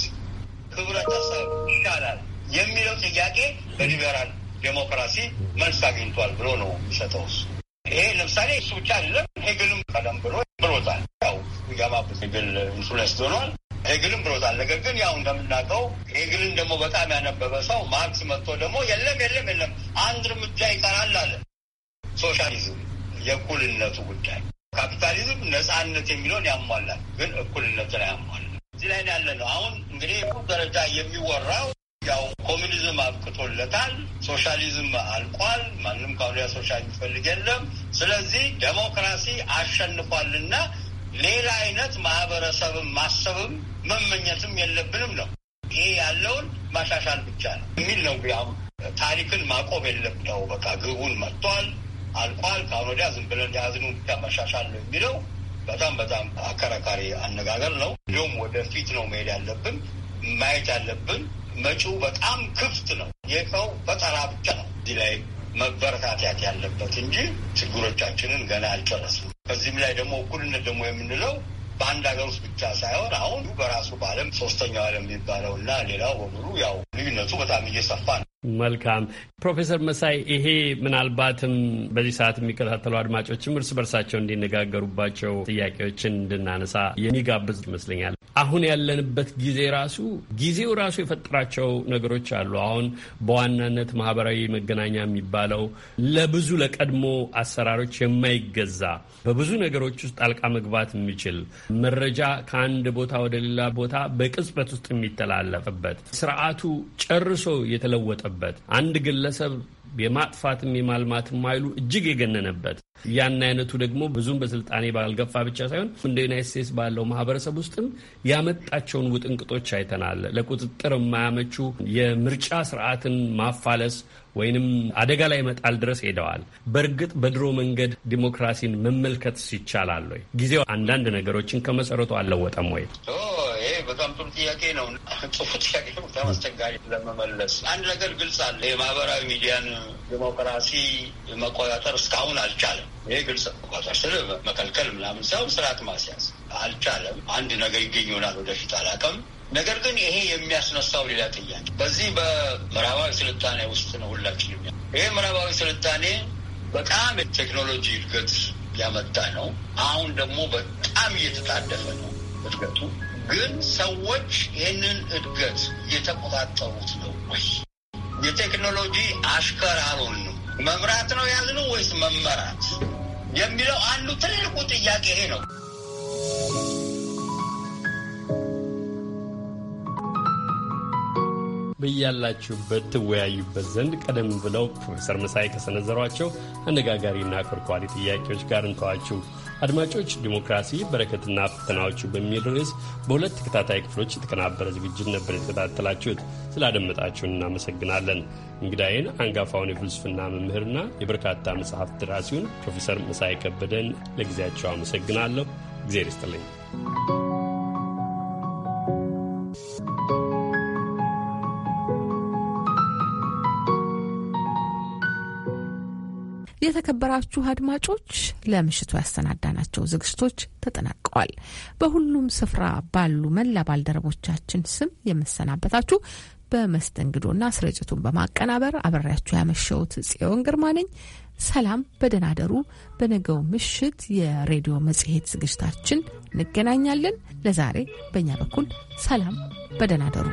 ህብረተሰብ ይሻላል የሚለው ጥያቄ በሊበራል ዴሞክራሲ መልስ አግኝቷል ብሎ ነው የሚሰጠውስ ይሄ ለምሳሌ እሱ ብቻ አይደለም። ሄግልም ቀደም ብሎ ብሎታል። ያው ይገባበት ሄግል ኢንፍሉዌንስ ሆኗል። ሄግልም ብሎታል። ነገር ግን ያው እንደምናውቀው ሄግልን ደግሞ በጣም ያነበበ ሰው ማርክስ መጥቶ ደግሞ የለም የለም የለም አንድ እርምጃ ይቀራል አለ። ሶሻሊዝም የእኩልነቱ ጉዳይ ካፒታሊዝም ነፃነት የሚለውን ያሟላል፣ ግን እኩልነትን አያሟላል። እዚህ ላይ ያለ ነው። አሁን እንግዲህ ደረጃ የሚወራው ያው ኮሚኒዝም አብቅቶለታል። ሶሻሊዝም አልቋል። ማንም ካሁዲያ ሶሻል የሚፈልግ የለም። ስለዚህ ዴሞክራሲ አሸንፏልና ሌላ አይነት ማህበረሰብም ማሰብም መመኘትም የለብንም ነው። ይሄ ያለውን ማሻሻል ብቻ ነው የሚል ነው። ያው ታሪክን ማቆም የለብን ነው። በቃ ግቡን መጥቷል፣ አልቋል። ከአሁን ወዲያ ዝም ብለን የያዝኑ ብቻ መሻሻል ነው የሚለው በጣም በጣም አከራካሪ አነጋገር ነው። እንዲሁም ወደፊት ነው መሄድ ያለብን ማየት ያለብን መጪው በጣም ክፍት ነው። የቀው በጠራ ብቻ ነው እዚህ ላይ መበረታታት ያለበት እንጂ ችግሮቻችንን ገና አልጨረስም። በዚህም ላይ ደግሞ እኩልነት ደግሞ የምንለው በአንድ ሀገር ውስጥ ብቻ ሳይሆን አሁን በራሱ በዓለም ሶስተኛው ዓለም የሚባለው እና ሌላው በሙሉ ያው ልዩነቱ በጣም እየሰፋ ነው። መልካም ፕሮፌሰር መሳይ ይሄ ምናልባትም በዚህ ሰዓት የሚከታተሉ አድማጮችም እርስ በርሳቸው እንዲነጋገሩባቸው ጥያቄዎችን እንድናነሳ የሚጋብዝ ይመስለኛል። አሁን ያለንበት ጊዜ ራሱ ጊዜው ራሱ የፈጠራቸው ነገሮች አሉ። አሁን በዋናነት ማህበራዊ መገናኛ የሚባለው ለብዙ ለቀድሞ አሰራሮች የማይገዛ በብዙ ነገሮች ውስጥ ጣልቃ መግባት የሚችል መረጃ ከአንድ ቦታ ወደ ሌላ ቦታ በቅጽበት ውስጥ የሚተላለፍበት ስርዓቱ ጨርሶ የተለወጠ የሚጠበቅበት አንድ ግለሰብ የማጥፋትም የማልማትም ኃይሉ እጅግ የገነነበት ያን አይነቱ ደግሞ ብዙም በስልጣኔ ባልገፋ ብቻ ሳይሆን እንደ ዩናይት ስቴትስ ባለው ማህበረሰብ ውስጥም ያመጣቸውን ውጥንቅጦች አይተናል። ለቁጥጥር የማያመቹ የምርጫ ስርዓትን ማፋለስ ወይንም አደጋ ላይ መጣል ድረስ ሄደዋል። በእርግጥ በድሮ መንገድ ዲሞክራሲን መመልከት ይቻላል ወይ? ጊዜው አንዳንድ ነገሮችን ከመሰረቱ አልለወጠም ወይ? ይሄ በጣም ጥሩ ጥያቄ ነው። ጥሩ ጥያቄ በጣም አስቸጋሪ ለመመለስ። አንድ ነገር ግልጽ አለ። የማህበራዊ ሚዲያን ዲሞክራሲ መቆጣጠር እስካሁን አልቻለም። ይሄ ግልጽ መቆጣጠር ስል መከልከል ምናምን ሳይሆን ስርዓት ማስያዝ አልቻለም። አንድ ነገር ይገኝ ይሆናል ወደፊት አላውቅም። ነገር ግን ይሄ የሚያስነሳው ሌላ ጥያቄ በዚህ በምዕራባዊ ስልጣኔ ውስጥ ነው ሁላችንም። ይሄ ምዕራባዊ ስልጣኔ በጣም የቴክኖሎጂ እድገት ያመጣ ነው። አሁን ደግሞ በጣም እየተጣደፈ ነው እድገቱ። ግን ሰዎች ይህንን እድገት እየተቆጣጠሩት ነው ወይ? የቴክኖሎጂ አሽከር ነው መምራት ነው ያዝነው ወይስ መመራት የሚለው አንዱ ትልቁ ጥያቄ ይሄ ነው። በያላችሁበት ትወያዩበት ዘንድ ቀደም ብለው ፕሮፌሰር መሳይ ከሰነዘሯቸው አነጋጋሪና ኮርኳሪ ጥያቄዎች ጋር እንተዋችሁ። አድማጮች ዲሞክራሲ በረከትና ፈተናዎቹ በሚል ርዕስ በሁለት ተከታታይ ክፍሎች የተቀናበረ ዝግጅት ነበር የተከታተላችሁት። ስላደመጣችሁን እናመሰግናለን። እንግዳዬን አንጋፋውን የፍልስፍና መምህርና የበርካታ መጽሐፍ ደራሲውን ፕሮፌሰር መሳይ ከበደን ለጊዜያቸው አመሰግናለሁ። እግዜር ይስጥልኝ። የተከበራችሁ አድማጮች ለምሽቱ ያሰናዳናቸው ዝግጅቶች ተጠናቀዋል። በሁሉም ስፍራ ባሉ መላ ባልደረቦቻችን ስም የምሰናበታችሁ በመስተንግዶና ስርጭቱን በማቀናበር አብሬያችሁ ያመሸሁት ጽዮን ግርማ ነኝ። ሰላም፣ በደህና ደሩ። በነገው ምሽት የሬዲዮ መጽሔት ዝግጅታችን እንገናኛለን። ለዛሬ በእኛ በኩል ሰላም፣ በደህና ደሩ።